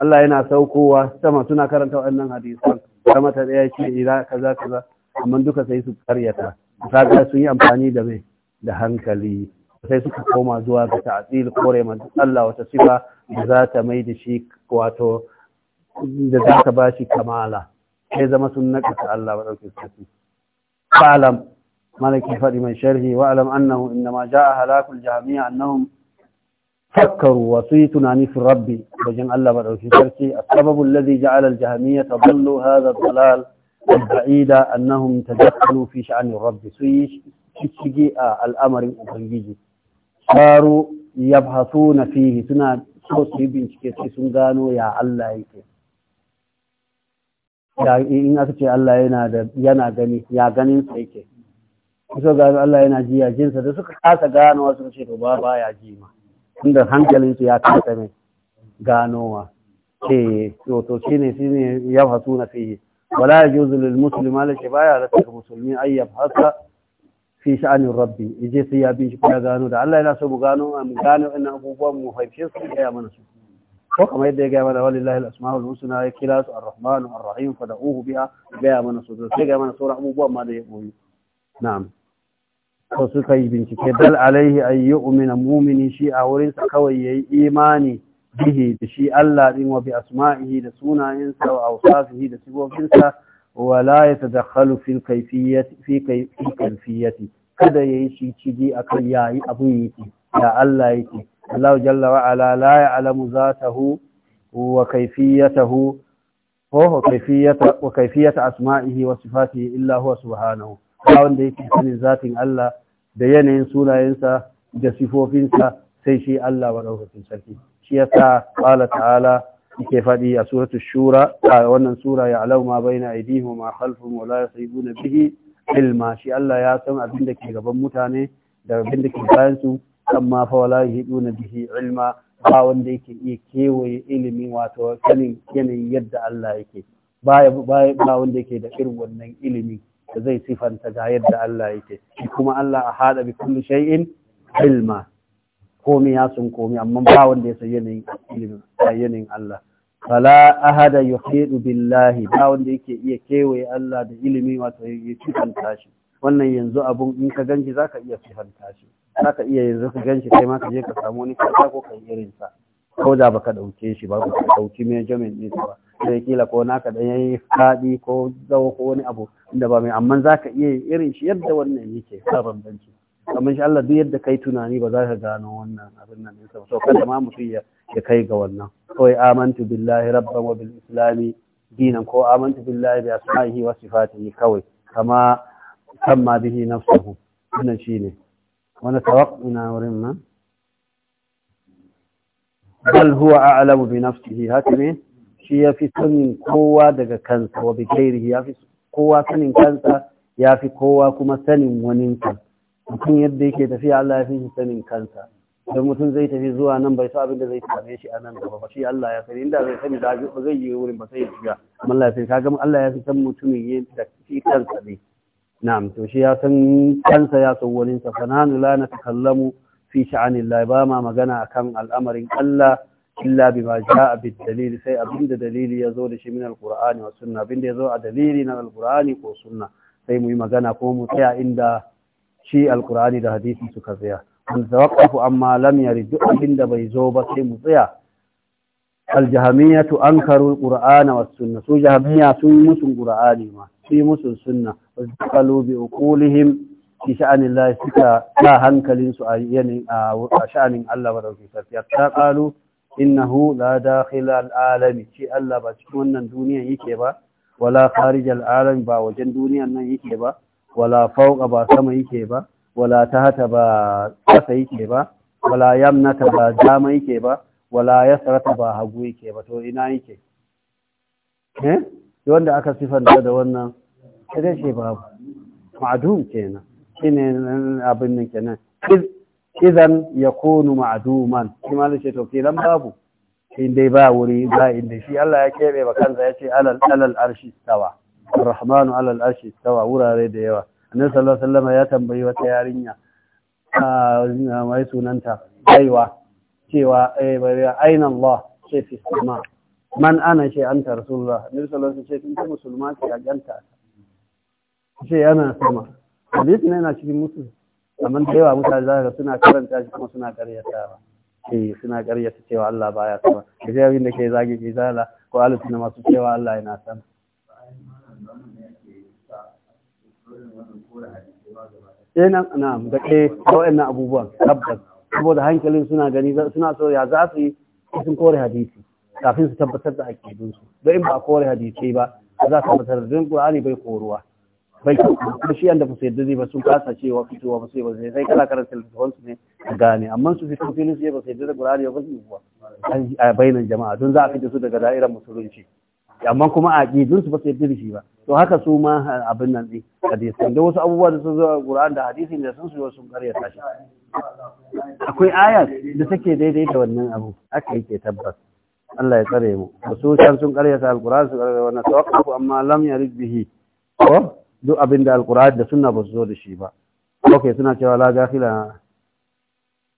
Allah yana saukowa sama suna karanta waɗannan hadisan sama ta ɗaya ce ira kaza kaza amma duka sai su karyata kaga sun yi amfani da mai da hankali sai suka koma zuwa ga ta'til kore ma Allah wata sifa da za ta mai da shi wato da za ta bashi kamala sai zama sun nakasa Allah ba dauke sarki fa'alam malaki fadi mai sharhi wa alam annahu inma ja'a halakul jahmiya annahum yi وصيتنا عن rabbi, الرب Allah الله بدأ في تركي السبب الذي جعل الجهمية تضل هذا الضلال البعيدة أنهم تدخلوا fi sha'ani rabbi sun yi الأمر a al'amarin ubangiji فيه yabhasuna fihi suna so su yi bincike sai sun gano ya Allah yake in aka ce Allah yana gani ya ganin sa Allah yana ji jinsa da suka kasa gano wasu ce to ba ba ya ji ma hankalin ya kasa mai ganowa to ya na fiye wala yajuzu lil muslim malaki baya da ta musulmi ayyab hasa fi sha'anin rabbi ije sai ya bi shi gano da Allah ya so mu gano mu gano ina abubuwan mu da ya mana su ko kamar yadda ya gaya mana walillahi al-asma'ul husna ya kira su ar-rahman ar-rahim fad'uhu biha gaya mana su gaya mana sauran abubuwan ma da ya ko suka yi bincike dal alaihi ay yu'mina mu'mini shi a wurin sa kawai yayi imani bihi da shi Allah din wa bi asma'ihi da sunayensa wa awsafihi da sifofinsa wala ya tadakhalu fil kayfiyyati fi kayfiyyati kada yayi shi ciji akan yayi abun yake ya Allah yake Allah jalla wa ala la ya'lamu zatahu wa kayfiyatahu wa kayfiyata wa kayfiyata asma'ihi wa sifatihi illa huwa subhanahu ba wanda yake sanin zatin Allah da yanayin sunayensa da sifofinsa sai shi Allah wa sarki shi yasa qala ta'ala yake faɗi a suratul shura a wannan sura ya alau ma baina aydihim ma wala wa la yasibuna bihi ilma shi Allah ya san abin da ke gaban mutane da abin da ke bayan su amma fa wala yahiduna bihi ilma ba wanda yake iya kewaye ilimi wato sanin yanayin yadda Allah yake ba ba wanda yake da irin wannan ilimi da zai sifanta ga yadda Allah yake kuma Allah a haɗa bi kulli shay'in ilma Komi, ya sun komai amma ba wanda ya san yanayin ilimin yanayin Allah fala ahada yuhidu billahi ba wanda yake iya kewaye Allah da ilimi wato ya sifanta shi wannan yanzu abun in ka ganshi zaka iya sifanta shi zaka iya yanzu ka ganshi kai ma ka je ka samu wani kasa ko kai irin sa ko da baka dauke shi ba ka dauki measurement din ba sai kila ko naka dan yayi fadi ko zawo ko wani abu da ba mai amma zaka iya irin shi yadda wannan yake sa bambanci kamar shi Allah duk yadda kai tunani ba za ka gano wannan abin nan ɗinsa so kada ma mutum ya kai ga wannan kawai amantu billahi rabban wa bil islami dinan ko amantu billahi bi asma'ihi wa sifatihi kawai kama kama bihi nafsuhu wannan shine wani tawakkuna wurin nan bal huwa a'lamu bi nafsihi haka ne shi ya fi sanin kowa daga kansa wa bi ghairihi ya fi kowa sanin kansa ya fi kowa kuma sanin waninsa mutum yadda yake tafiya Allah ya fi shi sanin kansa don mutum zai tafi zuwa nan bai sa abin da zai same shi a nan gaba ba shi Allah ya sani inda zai sani da ba zai yi wurin ba sai ya shiga amma Allah ya kaga Allah ya san mutumin yin da shi kansa ne na'am to shi ya san kansa ya san wani sa fananu la natakallamu fi sha'anillah ba ma magana akan al'amarin Allah illa bima jaa bid dalil sai abinda dalili ya zo da shi min alqur'ani wa sunna abinda ya zo a dalili na alqur'ani ko sunna sai mu yi magana ko mu tsaya inda shi alkur'ani da hadisi suka tsaya an tawaqqafu amma lam yarid duk abin da bai zo ba sai mu tsaya aljahamiyatu ankaru alqur'ana was sunna su jahamiya sun yi musun qur'ani ma su yi musun sunna wasqalu bi uqulihim fi sha'anillahi suka ta hankalin su a yanin a sha'anin Allah wa dauki sarki ta qalu innahu la dakhila alalami ci Allah ba cikin wannan duniyan yake ba wala kharij alalami ba wajen duniyan nan yake ba wala fauka ba sama yake ba wala tahata ba kasa yake ba wala yamnata ba dama yake ba wala yasrata ba hagu yake ba to ina yake eh wanda aka sifanta da wannan sai ce babu ma'dum kenan shine abin nan kenan idan yakunu ma'duman kuma da ce to kenan babu in dai ba wuri ba inda shi Allah ya kebe ba kansa ya ce alal alal arshi tawa Ar-Rahmanu ala al’ashi tawa wurare da yawa Annabi sallallahu alaihi ya tambayi wata yarinya a mai sunanta baiwa cewa eh baiwa Allah ce fi sama man ana ce anta rasulullah Annabi sallallahu alaihi wasallam ce kin musulma ce a ganta ce yana sama hadisi ne yana cikin musu amma da yawa mutane za ka suna karanta shi kuma suna karyatawa eh suna karyata cewa Allah baya sama kaje abin da ke zage izala ko alisu masu cewa Allah yana sama eh na na ga eh wayannan abubuwan tabbas saboda hankalin suna gani suna so ya za su yi sun kore hadisi kafin su tabbatar da aqidun su don in ba kore hadisi ba za su tabbatar da Qur'ani bai koruwa bai kuma shi yanda ba su yadda zai ba sun kasa cewa fitowa ba sai ba sai sai kala karanta littafin su ne gane amma su fito filin su yi ba sai yadda da Qur'ani ba su yi kuwa a bainan jama'a don za a fita su daga da'irar musulunci amma kuma a aqidunsu ba su yarda da shi ba to haka su ma abin nan ne hadisan da wasu abubuwa da sun zo a Qur'an da hadisi da sun su sun karyata shi akwai aya da take daidai da wannan abu haka yake tabbas Allah ya tsare mu wasu can sun karyata al-Qur'an su karyata wannan tawakkafu amma lam yarid bihi ko duk abin da al-Qur'an da sunna ba su zo da shi ba okay suna cewa la gafila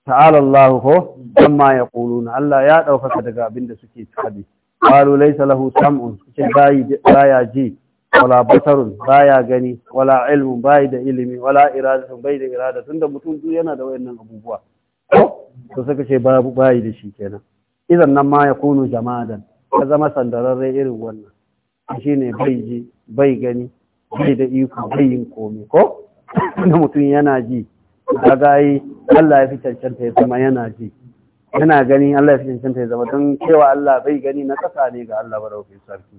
ta'ala Allah ko amma yaquluna Allah ya ɗaukaka daga abin da suke hadisi qalu laysa lahu sam'un ce baya ji wala basarun baya gani wala ilmun bai da ilimi wala iradatun bai da irada tunda mutum duk yana da wayannan abubuwa to suka ce babu bayi da shi kenan idan nan ma ya kunu jama'an ka zama sandararre irin wannan Shin bai ji bai gani bai da iko bai yin komai ko na mutum yana ji kaga yi Allah ya fi cancanta ya zama yana ji yana gani Allah ya cancanta ya zama don cewa Allah bai gani na kasa ne ga Allah baraukin sarki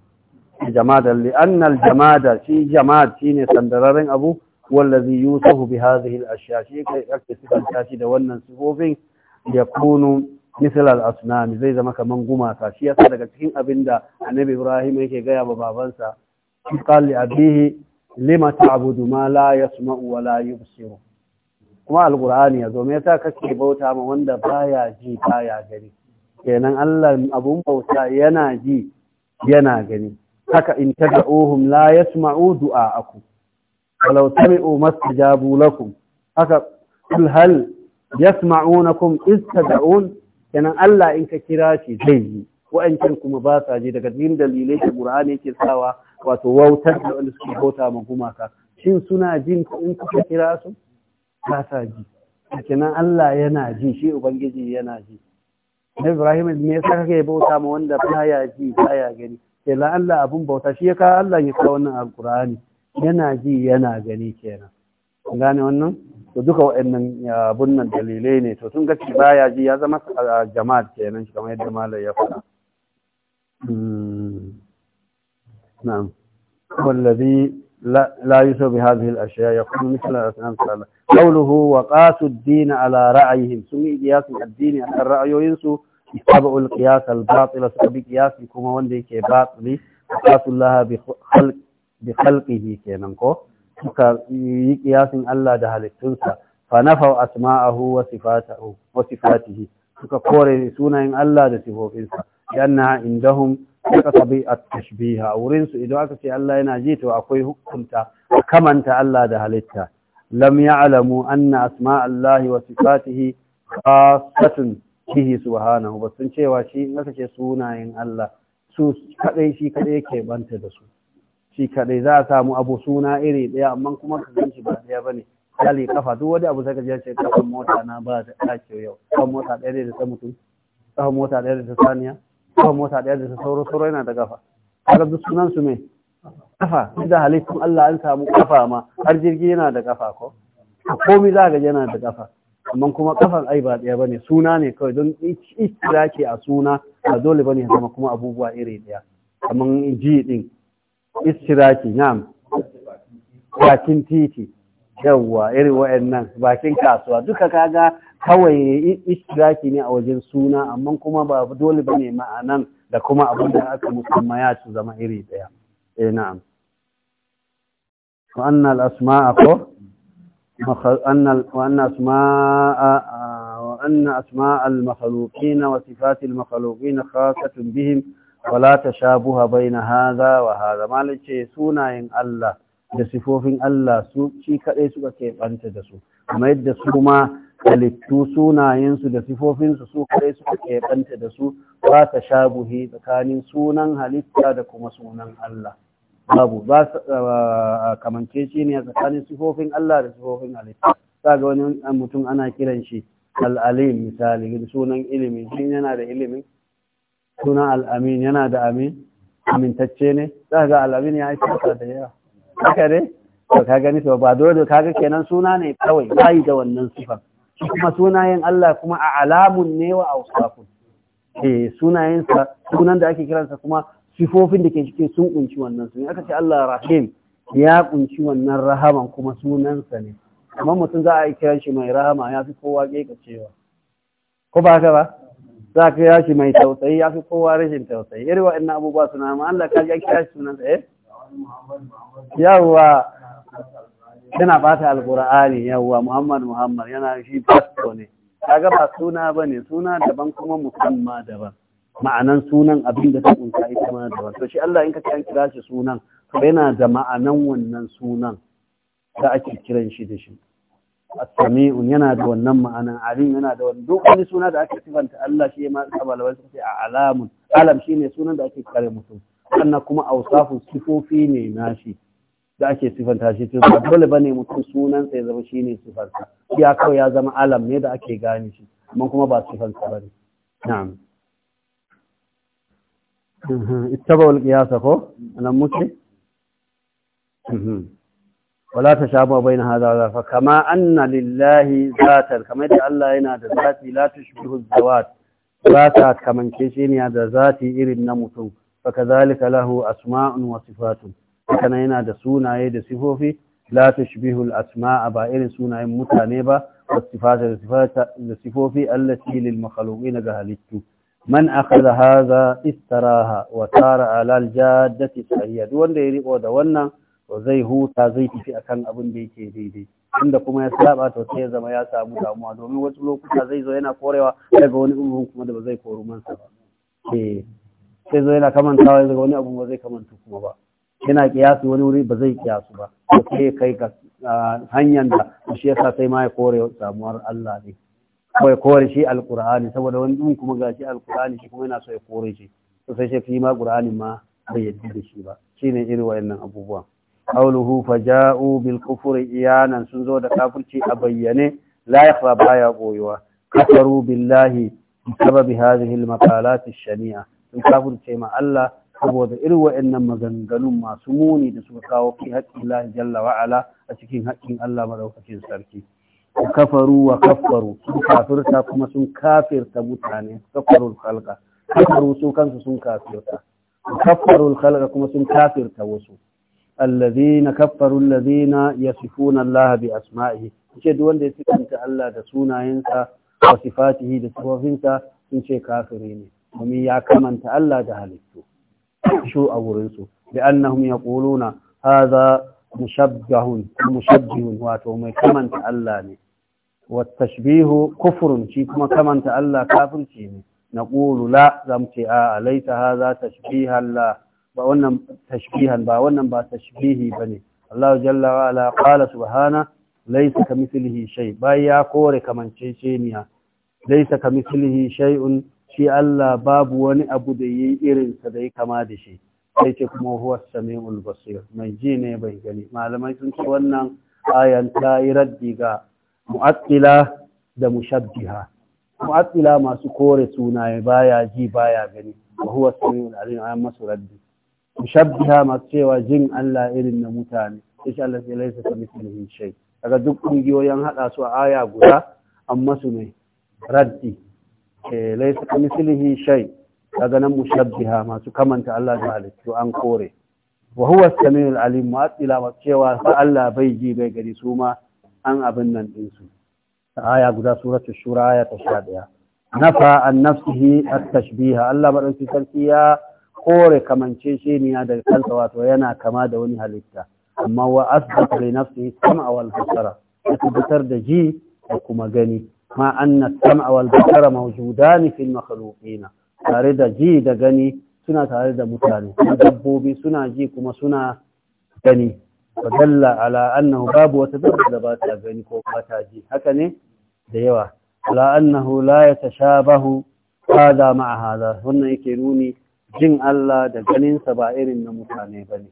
jamadar li'annal jamadar shi jamad shi sandararin sandararren abu wallazi yusufu bi hadhihi al-ashya shi kai ake sifanta shi da wannan sifofin ya kunu misal al-asnam zai zama kaman gumaka shi yasa daga cikin abinda annabi Ibrahim yake gaya wa babansa qal li abihi lima ta'budu ma la yasma'u wa la yubsiru kuma alkur'ani ya zo me yasa kake bauta ma wanda baya ji baya gani kenan Allah abun bauta yana ji yana gani haka in tad'uhum la yasma'u du'a'akum walau sami'u mastajabu lakum haka kul hal yasma'unakum iz tad'un kenan Allah in ka kira shi zai ji wa'ancin kuma ba sa ji daga dalilai da Qur'ani yake sawa wato wautar da wani suke bauta ma gumaka shin suna jin in kuka kira su ba sa ji kenan Allah yana ji shi ubangiji yana ji na Ibrahim me yasa kake bauta ma wanda ya ji ya gani ke la Allah abun bauta shi ya kawo Allah ya kawo wannan alqur'ani yana ji yana gani kenan gane wannan to duka waɗannan abun nan dalilai ne to tun gaci ya ji ya zama jama'a kenan shi kamar yadda malai ya faɗa hmm. na'am والذي لا لا bi بهذه الأشياء يقول مثل الأسنان صلى الله qawluhu wa qasu ad-din ala ra'ayihim sun yi addini akan ra'ayoyinsu tabu'ul qiyas al-batil kuma wanda yake batili kenan ko suka yi Allah da halittunsa fa nafau suka kore sunayen Allah da sifofinsa لأنها عندهم تقتضي التشبيه أورنس إذا أكسي الله يناجيته أقوي حكمتا كمن تألا دهلتا لم ya'lamu anna asma'allahi الله وصفاته خاصة به سبحانه ba sun cewa shi naka ce sunayen Allah su kadai shi kadai yake banta da su shi kadai za a samu abu suna iri daya amma kuma ka ganci ba daya bane kali kafa duk wani abu saka ce kafan mota na ba da dace yau kafan mota daya ne da ta mutum kafan mota daya da ta saniya mota da sauro sauro yana da gafa kaga duk sunan su me kafa da halittun Allah an samu kafa ma har jirgi yana da kafa ko komi za ga yana da kafa amma kuma kafan ai ba ɗaya bane suna ne kawai don istira a suna A dole bane zama kuma abubuwa iri ɗaya amma ji din istira ce bakin titi yawwa irin wa'annan bakin kasuwa duka kaga kawai istiraki ne a wajen suna amma kuma ba dole bane ma'anan da kuma abin da aka musamman ya su zama iri daya eh na'am وأن الأسماء وأن أسماء وأن أسماء المخلوقين وصفات المخلوقين خاصة بهم ولا تشابه بين da sifofin Allah su shi kaɗai suka keɓanta da su kuma su ma halittu sunayensu da sifofinsu su kaɗai suka keɓanta da su ba ta tsakanin sunan halitta da kuma sunan Allah babu ba kamance shi ne a tsakanin sifofin Allah da sifofin Ali. za ga wani mutum ana kiran shi al'alim misali sunan ilimi shi yana da ilimi sunan al'amin yana da amin amintacce ne za ga al'amin ya aiki da yawa haka ne to ka gani to ba dole ka ga kenan suna ne kawai bai da wannan sifa shi kuma sunayen Allah kuma a alamun ne wa ausafun eh sunayen sa sunan da ake kiransa kuma sifofin da ke cike sun kunci wannan sun aka ce Allah rahim ya kunci wannan rahaman kuma sunansa ne amma mutum za a yi kiran shi mai rahama ya fi kowa kekacewa ko ba haka ba za a kira shi mai tausayi ya fi kowa rashin tausayi irin ina abubuwa suna ma Allah ka ji kiran shi sunansa eh yawwa yana bata alqur'ani yawwa Muhammad Muhammad yana shi pastor ne kaga ba suna bane suna daban kuma musamman daban ma'anan sunan abin da ta kunsa ita mana da wato shi Allah in ka an kira shi sunan to yana da ma'anan wannan sunan da ake kiran shi da shi as-sami'un yana da wannan ma'anan alim yana da wannan duk wani suna da ake sifanta Allah shi ma da suka ce a alamun alam shine sunan da ake kare mutum sannan kuma awsafu sifofi ne nashi da ake sifanta shi to dole bane mutum sunan sai zama shine sifarsa ya kawai ya zama alam ne da ake gane shi amma kuma ba sifansa bane na'am Mhm. ittabawul qiyasa ko anan muke mhm. wala tashabu baina hadha wa fa kama anna lillahi zatan kamar Allah yana da zati la tushbihu zawat ba ta kamance da zati irin na mutum fa kazalika lahu asma'un wa sifatun kana yana da sunaye da sifofi la tushbihu al-asma'a ba irin sunayen mutane ba wa sifatu da sifofi allati lil makhluqin ga halittu man akhadha hadha istaraha wa tara ala aljaddati sahiya duk wanda ya riko da wannan to zai huta zai tafi akan abin da yake daidai inda kuma ya saba to sai ya zama ya samu damuwa domin wasu lokuta zai zo yana korewa daga wani abu kuma da ba zai koru mansa ba eh sai zo yana kamantawa daga wani abu ba zai kamanta kuma ba yana kiyasu wani wuri ba zai kiyasu ba sai kai ga ah, hanyar da shi yasa sai ma ya kore samuwar Allah ne bai kore shi alkur'ani saboda wani ɗin kuma ga shi alkur'ani shi kuma yana so ya kore shi to sai shi ma qur'ani ma bai yadda da shi ba shine irin wayannan abubuwa qawluhu faja'u bil kufri iyanan sun zo da kafirci a bayyane la yakhfa baya boyuwa kafaru billahi sababi hadhihi al maqalat al shani'a sun kafirce ma Allah saboda irin wayannan maganganun masu muni da suka kawo fi haqqi Allah jalla wa ala a cikin haƙƙin Allah madaukakin sarki kafaru wa kafaru sun kafirta kuma sun kafirta mutane kafarul khalqa kafaru su kansu sun kafirta kafarul khalqa kuma sun kafirta wasu allazina kafaru allazina yasifuna Allah bi asma'ihi ce duk wanda ya sifanta Allah da sunayensa wa sifatihi da sifofinsa sun ce kafiri ne domin ya kamanta Allah da halittu shu a wurinsu da annahum yaquluna hadha mushabbahun mushabbihun wato mai kamanta Allah ne wa tashbihu kufrun shi kuma kamanta Allah kafirci ne na qulu la zamce a laita hadha tashbihan la ba wannan tashbihan ba wannan ba tashbihi bane Allah jalla wa ala qala subhana laysa kamithlihi shay bai ya kore kamanceceniya laysa kamithlihi shay'un shi Allah babu wani abu da yayi irin sa da ya kama da shi sai ce kuma huwa samiul basir mai ji ne bai gani malamai sun ce wannan ayan ta yi raddi ga mu'attila da mushabbiha mu'attila masu kore sunaye baya ji baya gani wa huwa samiul alim ayan masu raddi mushabbiha masu cewa jin Allah irin na mutane insha Allah sai laisa ka mislihi shay daga duk kungiyoyin hada su a aya guda amma su ne raddi eh laisa ka mislihi shay daga nan mushabbiha masu kamanta Allah da halittu an kore wa huwa samiul alim mu'attila masu cewa fa Allah bai ji bai gani su ma an abin nan ɗinsu ta aya guda suratul shura aya ta sha ɗaya nafa an nafsihi at-tashbiha Allah madauki sarki ya kore kamance shi ne da kansa wato yana kama da wani halitta amma wa asbata li nafsihi sam'a wal basara ya tabbatar da ji da kuma gani ma anna sam'a wal basara mawjudani fil makhluqina tare da ji da gani suna tare da mutane dabbobi suna ji kuma suna gani babu wata da gani فدل على أنه باب وتدل بات أغنيك وقاتاجي هكذا ديوا على أنه لا يتشابه هذا مع هذا هنا nuni jin Allah da ganinsa ba irin na mutane ba ne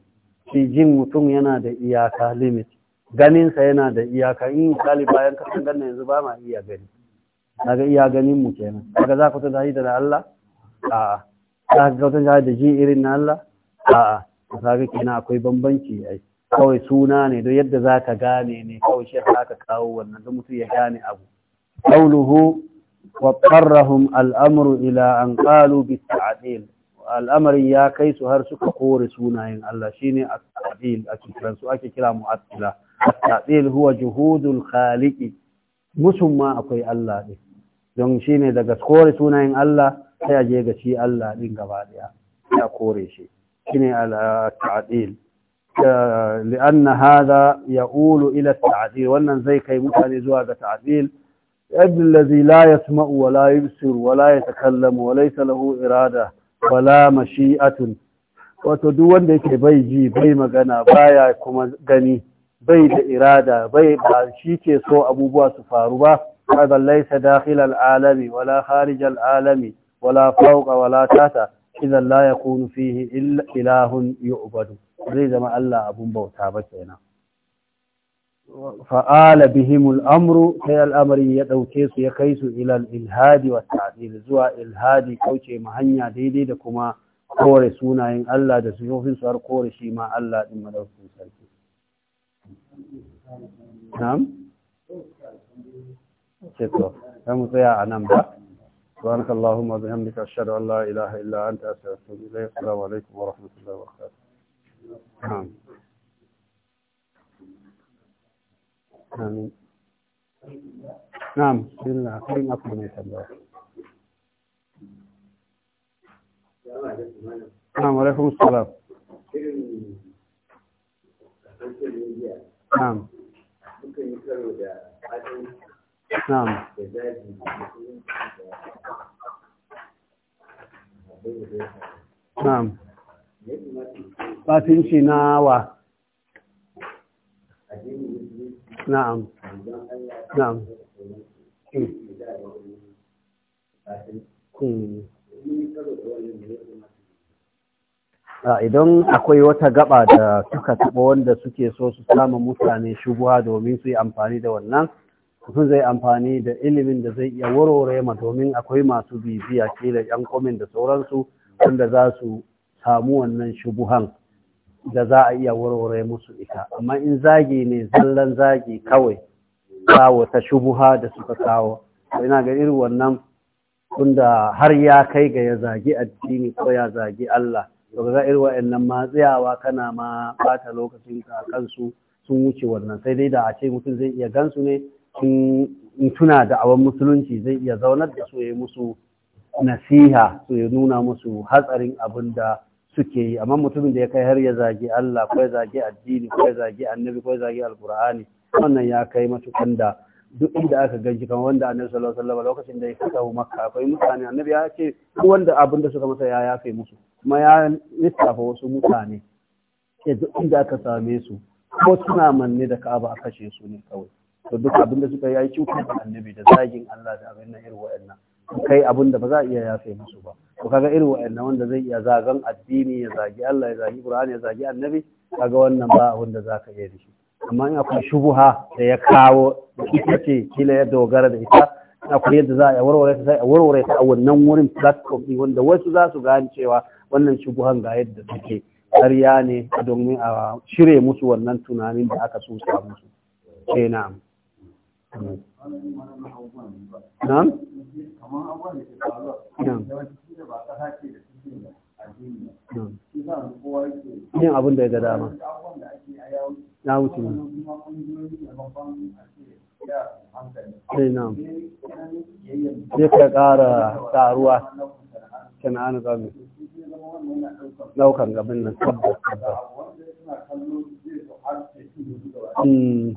shi jin mutum yana da iyaka limit ganinsa yana da iyaka in misali bayan kasan ganin yanzu ba ma iya gani daga iya ganin mu kenan daga za ku ta zahi da Allah a'a za ka ta zahi da ji irin na Allah a'a ka ga kenan akwai bambanci ai kawai suna ne don yadda za ka gane ne kawai shi za ka kawo wannan don mutum ya gane abu ƙauluhu wa ƙarrahun al'amuru ila an ƙalu bi ta'adil al'amarin ya kai su har suka kore sunayen Allah shi ne ta'adil a cikin su ake kira mu'attila ta'adil huwa juhudul khaliqi musun ma akwai Allah ɗin don shi ne daga kore sunayen Allah sai a je ga shi Allah ɗin gaba ɗaya ya kore shi shi ne ta'adil li'anna ya ulu ila ta'dil wannan zai kai mutane zuwa ga ta'dil ibn allazi la yasma'u wa la yubsir wa la yatakallamu wa laysa lahu irada wa la mashi'atun wato duk wanda yake bai ji bai magana baya kuma gani bai da irada bai ba shi ke so abubuwa su faru ba هذا ليس alami, العالم ولا alami, wala fauƙa, wala tata, تحت إذا لا يكون فيه إلا إله يعبد zai zama Allah abun bauta ba kenan fa'ala bihimul amru sai al'amari ya ɗauke su ya kai su ilal ilhadi wa zuwa ilhadi kauce ma hanya daidai da kuma kore sunayen Allah da sufofin su har kore shi ma Allah ɗin madaukin sarki. sai mu tsaya a nan ba. Subhanakallahumma bihamdika ashhadu an la ilaha illa anta astaghfiruka wa atubu ilayk. wa rahmatullahi wa barakatuh. آمين نعم بسم الله خير أكبر من الله نعم وعليكم السلام نعم نعم نعم batinci na wa na'am na'am hmm. Hmm. idan akwai wata gaba da suka taɓa wanda suke so su samu mutane shubuwa domin su yi amfani da wannan sun zai amfani da ilimin da zai iya warware ma domin akwai masu bibiya ke da yan komin da sauransu wanda za su samu wannan shubuhan da za a iya warware musu ita amma in zagi ne zallan zagi kawai kawo ta shubuha da suka kawo ina ga irin wannan tunda har ya kai ga ya zagi addini ko ya zagi Allah to ga irin wa'annan ma tsayawa kana ma bata lokacin ka kansu sun wuce wannan sai dai da a ce mutum zai iya gansu ne in tuna da awan musulunci zai iya zaunar da su ya musu nasiha su ya nuna musu hatsarin abin da suke yi amma mutumin da ya kai har ya zage Allah ko ya zage addini ko ya zage annabi ko ya zage alkur'ani wannan ya kai matukan da duk inda aka ganci kan wanda annabi sallallahu alaihi wasallam lokacin da ya fita makka akwai mutane annabi ya ce duk wanda abin suka masa ya yafe musu kuma ya lissafa wasu mutane ke duk inda aka same su ko suna manne da ka'aba a kashe su ne kawai to duk abin suka yi ya yi annabi da zagin Allah da abin na irin wa'annan kai abin da ba za a iya yafe musu ba to kaga irin wa'annan wanda zai iya zagan addini ya zagi Allah ya zagi Qur'ani ya zagi Annabi kaga wannan ba abin da zaka iya dashi amma in akwai shubuha da ya kawo ita ce kila ya dogara da ita akwai yadda za a warware ta sai a warware ta a wannan wurin platform din wanda wasu za su gane cewa wannan shubuhan ga yadda take ƙarya ne domin a shirye musu wannan tunanin da aka so musu Ke eh, na'am na'am da ke faruwa yawanci ba ƙasa ce da suke da addini shi kowa yake yin abin da ya ga dama na wuce ne eh, sai na sai ka ƙara ƙaruwa kana an zamu ɗaukan gaban nan tabbas tabbas hmm.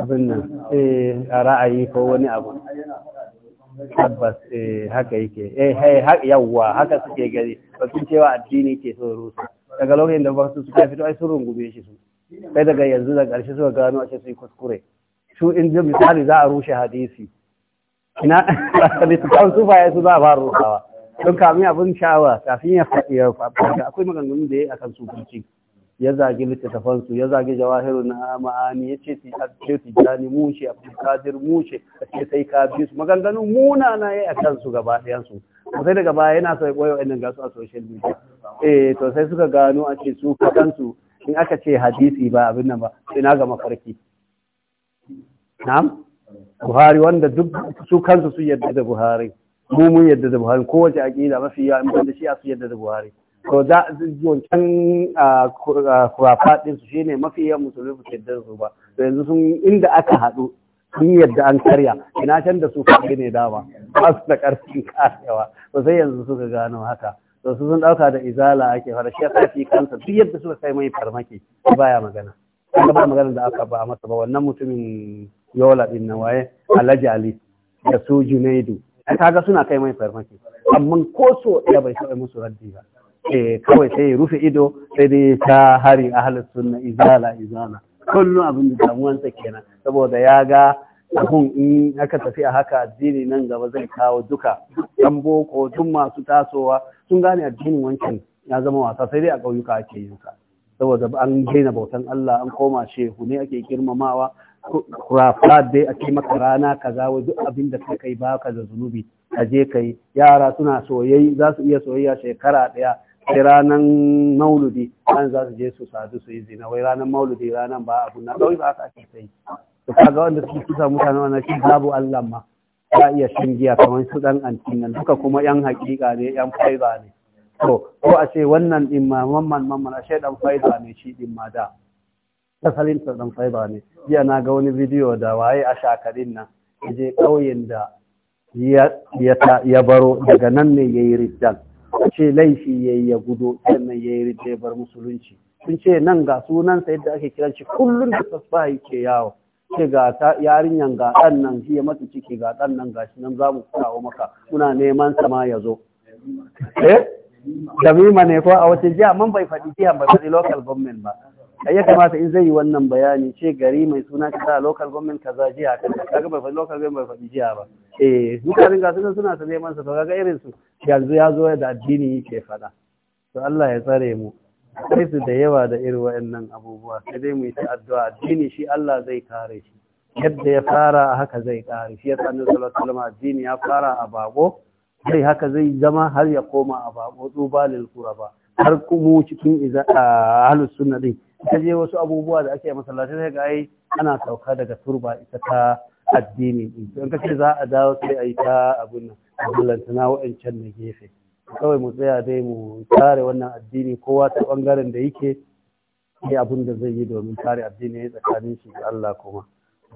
abin nan eh a ra'ayi ko wani abu tabbas eh haka yake eh, eh hai yawwa haka suke gari ba cewa addini ke so rusa daga lokacin da ba su suka fito ai sun rungume shi su sai daga yanzu da ƙarshe suka gano a ce su yi kuskure su in ji misali za a rushe hadisi ina littattafan sufaye su za a fara rusawa don kamin abin sha'awa kafin ya faɗi ya faɗi akwai maganganun da ya yi akan sufanci ya zagi littattafansu ya zagi jawahiru na ma'ani ya ce ce tijjani mushe kadir, mushe a ce sai ka bi su maganganun muna na ya a kansu gaba su sai daga baya yana so ya ɓoye wa'annan gasu a social media eh to sai suka gano a ce su kansu in aka ce hadisi ba abin nan ba sai na gama mafarki na'am buhari wanda duk su kansu su yadda da buhari mu mun yadda da buhari kowace aƙida mafi yawa in ban da shi a su yadda da buhari to za wancan kurafa ɗinsu su shine mafi yawan musulmi ba ke su ba to yanzu sun inda aka haɗu sun yadda an karya ina can da su kaɗi ne dama ba su da ƙarfin karyawa to sai yanzu suka gano haka to su sun ɗauka da izala ake fara shi ya fi kansa duk yadda suka kai mai farmaki baya magana kuma ba magana da aka ba masa ba wannan mutumin yola ɗin na waye alhaji ali da su junaidu kaga suna kai mai farmaki amma ko so ɗaya bai taɓa musu raddi ba Eh, kawai sai ya rufe ido sai dai ta hari a ahlus sunna izala izala kullum abin da damuwansa kenan saboda ya ga abun in aka tafi a haka addini nan gaba zai kawo duka ɗan boko tun masu tasowa sun gane addinin wancan ya zama wasa sai dai a ƙauyuka ake yin sa saboda an daina bautan Allah an koma shehu ne ake girmamawa kurafa dai a maka rana ka zawo duk abin da kai baka da zunubi a je kai yara suna soyayya za su iya soyayya shekara ɗaya sai ranar mauludi an za su je su sadu su yi zina wai ranar mauludi ranar ba abu na ɗauki ba aka ake sai to kaga wanda suke kusa mutane wannan shi babu Allah ma za iya shan giya kamar su ɗan antin nan duka kuma yan haƙiƙa ne yan faiza ne to ko a ce wannan din ma mamman mamman a shaidan faiza ne shi din ma da asalin sa dan faiba ne jiya na ga wani bidiyo da waye a shakarin nan je ƙauyen da ya baro daga nan ne yayi rijjan. ce laifi ya yi ya gudu sannan ya yi ya musulunci sun ce nan ga sunansa yadda ake kiran shi kullum da sassafa ke yawo ce ga yarinyan ga ɗan nan shi ya ciki ga ɗan nan ga shi nan za mu kawo maka muna neman sama ya zo eh ma ne ko a wace jiya man bai faɗi jiya bai faɗi local government ba ya kamata in zai yi wannan bayani ce gari mai suna kasa local government kaza jiya kan kaga bai faɗi local government bai faɗi jiya ba eh mutanen ga da suna ta neman sa to kaga irin su yanzu ya zo da addini yake faɗa to Allah ya tsare mu sai su da yawa da irin waɗannan abubuwa sai dai mu yi addu'a addini shi Allah zai kare shi yadda ya fara a haka zai kare shi yasa annabi sallallahu alaihi addini ya fara a bako sai haka zai zama har ya koma a bako tsubalil ba. har kuma cikin iza a halus suna din ta je wasu abubuwa da ake masallaci sai ga ai ana sauka daga turba ita ta addini din don kace za a dawo sai a yi ta abun nan ballantana wa'ancan na gefe kawai mu tsaya dai mu kare wannan addini kowa ta bangaren da yake yi abun da zai yi domin kare addini ya tsakanin shi da Allah kuma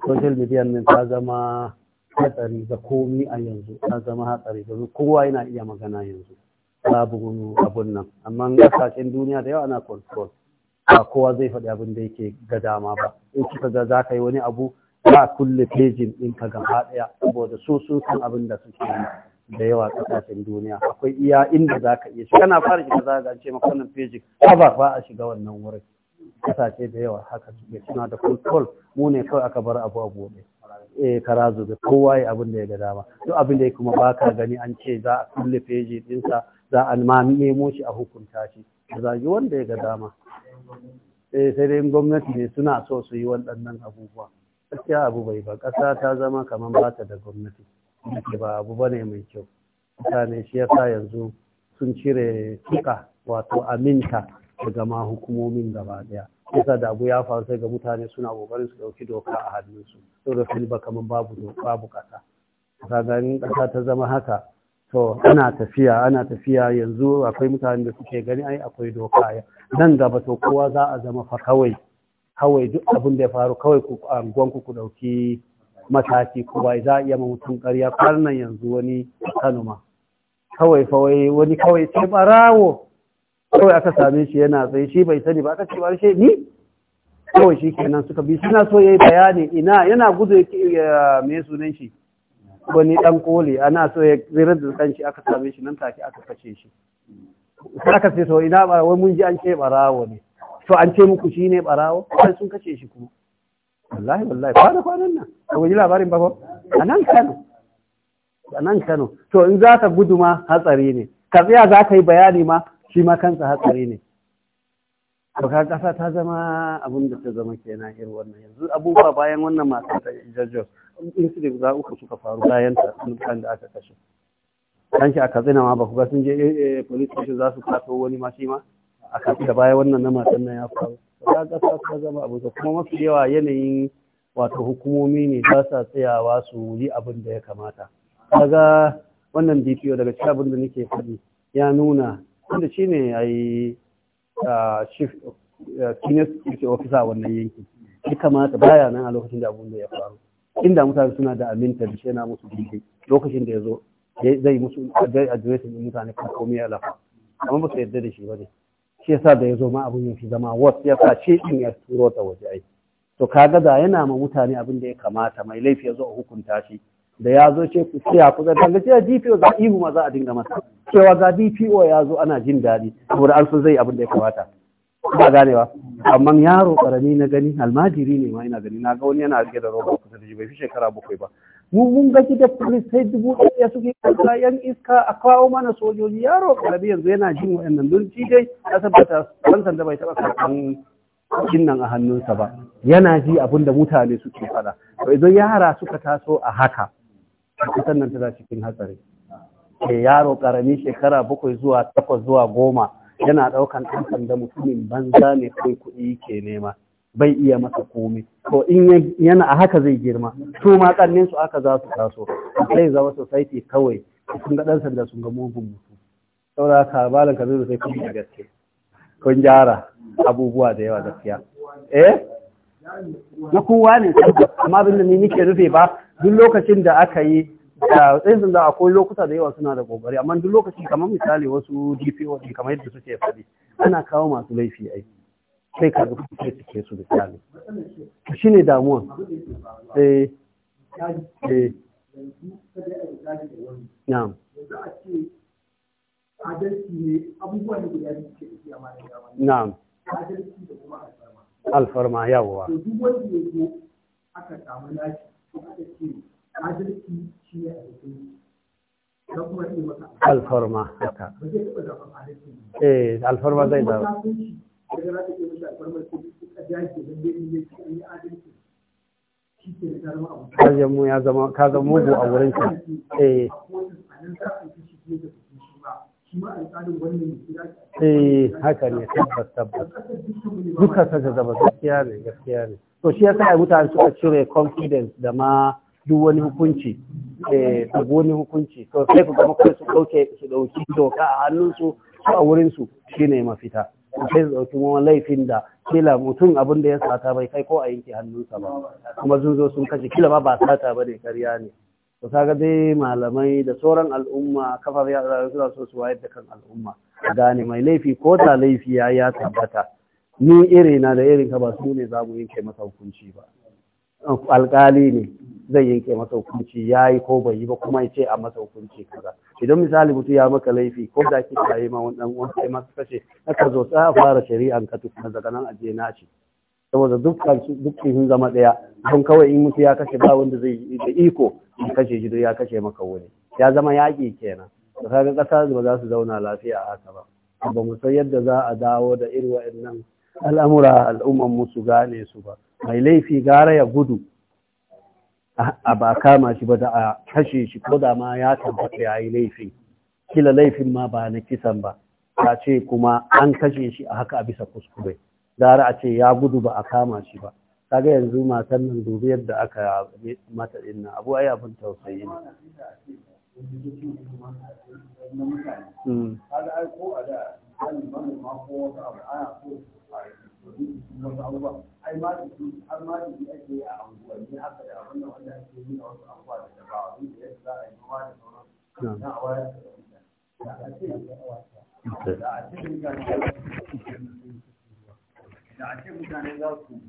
social media nan ta zama hatsari ga komi a yanzu ta zama hatsari domin kowa yana iya magana yanzu babu abun nan amma kasashen duniya da yawa ana control ba kowa zai faɗi abin da yake ga dama ba in kika ga za ka yi wani abu ba kulle pejin ɗin ka gaba ɗaya saboda su sun san abin da suke yi da yawa kasashen duniya akwai iya inda za ka iya kana fara shiga za ka ce maka wannan pejin ba ba a shiga wannan wurin kasashe da yawa haka suke suna da control mu ne kawai aka bar abu a buɗe eh kara zube kowa yi abin da ya ga dama duk abin da ya kuma baka gani an ce za a kulle pejin ɗinsa za a ma nemo shi a hukunta shi a zagi wanda ya ga dama eh sai dai gwamnati ne suna so su yi waɗannan abubuwa gaskiya abu bai ba ƙasa ta zama kamar ba ta da gwamnati ba abu ba ne mai kyau mutane shi ya sa yanzu sun cire tuka wato aminta daga ma hukumomin gaba ɗaya. kusa da abu ya faru sai ga mutane suna kokarin su dauki doka a hannunsu saboda fili ba kamar babu babu kasa kaga in kasa ta zama haka to ana tafiya ana tafiya yanzu akwai mutanen da suke gani ai akwai doka nan gaba to kowa za a zama fa kawai kawai duk abin da ya faru kawai ku anguwan ku ku dauki mataki ku bai za a iya ma mutum ƙarya karnan yanzu wani Kano ma kawai fa wai wani kawai sai barawo kawai aka same shi yana tsaye shi bai sani ba aka ce ba shi ni kawai shi kenan suka bi suna so yayi bayani ina yana gudu ya me sunan shi wani dan koli ana so ya zirar da dan shi aka same shi nan take aka kace shi sai aka ce to ina ba wai mun ji an ce barawo ne to an ce muku shine barawo sai sun kace shi kuma wallahi wallahi kwana kwanan nan ko ji labarin ba ko anan Kano anan Kano to in za ka gudu ma hatsari ne ka tsaya za ka yi bayani ma shi ma kansa hatsari ne to ka kasa ta zama abin da ta zama kenan irin wannan yanzu abubuwa bayan wannan masu ta jajjau incident za uku suka faru bayan tsakan da aka kashe kan shi a katsina ma ba ku ga sun je eh, eh, police station za su kato wani ma shi ma a kan da baya wannan na matan nan ya faru ta kasa ta zama abu kuma mafi yawa yanayin wato hukumomi ne ba sa tsayawa su yi abin da ya kamata kaga wannan bidiyo daga cikin abin da nake faɗi ya nuna wanda shi ne a yi chief eh, ofis a officer wannan yankin ya kamata baya nan a lokacin da abin da ya faru inda mutane suna da aminta da shena musu gidi lokacin da ya zo zai musu adiresin din mutane kan komai ya lafa amma ba su yarda da shi ba ne shi yasa da ya zo ma abin yafi zama wasu ya sa ce din ya turo ta waje ai to kaga da yana ma mutane abin da ya kamata mai laifi ya zo a hukunta shi da ya zo ce ku tsaya ku zata ga cewa DPO za ihu ma za a dinga masa cewa ga DPO ya zo ana jin daɗi saboda an sun zai abin da ya kamata ba ganewa amma yaro karami na gani almajiri ne ma ina gani na ga wani yana rike da roba kusa da bai fi shekara bakwai ba mu mun ga da police sai dubu ɗaya suke kalla yan iska a kawo mana sojoji yaro karami yanzu yana jin wa'annan don shi dai a tabbata ban sanda bai taɓa karɓan cikin nan a hannunsa ba yana ji abin da mutane suke faɗa to idan yara suka taso a haka kusan nan tana cikin hatsari eh, yaro karami shekara bakwai zuwa takwas zuwa goma yana ɗaukan ɗan sanda mutumin banza ne kai kuɗi ke nema bai iya masa komai to in yana a haka zai girma su ma ƙannin su aka za su taso sai zama society kawai sun ga ɗan sanda sun ga mugun mutum saboda haka malam ka zai sai kun da gaske kun gyara abubuwa da yawa gaskiya eh na kowa ne amma abin da ni nake rufe ba duk lokacin da aka yi tsayin a akwai lokuta da yawa suna da kokari amma duk lokaci kamar misali wasu dpo kamar yadda suke faɗi ana kawo masu laifi ai sai ka rufe sai cike su da tsari shi ne damuwa eh eh na'am na'am alfarma duk wanda aka samu lafiya aka ce adalci shi ne a ka kuma iya maka alfarma haka eh alfarma zai zama da zama ka zama ya zama ka zama mugu a wurin ka eh eh haka ne tabbas tabbas duka ta zaba gaskiya ne gaskiya ne to shi yasa ai mutane suka cire confidence da ma duk wani hukunci tabu eh, hukunci to sai ku gama kai su dauke su dauki doka a hannunsu su a wurinsu shine mafita sai su dauki laifin da kila mutum abin da ya sata bai kai ko a yanke hannunsa ba kuma sun zo sun kashe kila ma ba sata ba ne karya ne to kaga dai malamai da sauran al'umma kafar yara suna so su wayar da kan al'umma gane mai laifi ko da laifi ya ya tabbata ni irina da irinka ba su ne za mu yanke masa hukunci ba alƙali ne zai yanke masa hukunci ya yi ko bai yi ba kuma ya ce a masa hukunci kaza idan misali mutum ya maka laifi ko da ki tsaye ma wani dan uwan sai kashe. na ka zo tsaya fara shari'an ka tukuna daga nan aje na ce saboda dukkan dukkan sun zama ɗaya don kawai in mutu ya kashe ba wanda zai yi da iko ya kashe shi ya kashe maka wani ya zama yaƙi kenan da kaga ƙasa ba za su zauna lafiya a haka ba ba mu san yadda za a dawo da irin wa'annan al'amura al'umman mu su gane su ba mai laifi gara ya gudu a ba kama shi ba da a kashe shi ko da ma ya tabbata ya yi laifin kila laifin ma ba na kisan ba ta ce kuma an kashe shi a haka a bisa kuskure gara a ce ya gudu ba a kama shi ba kaga yanzu matan nan dubi yadda aka mata din abu ai abin tausayi ne hmm. wasu abubuwa ai ma su har ma su ake yi a anguwanni haka da abin da wanda ake yi a wasu abubuwa da da ba da yadda za a yi ruwa da sauran na a wayar da da a ce da a ce mutane za su da a ce mutane za su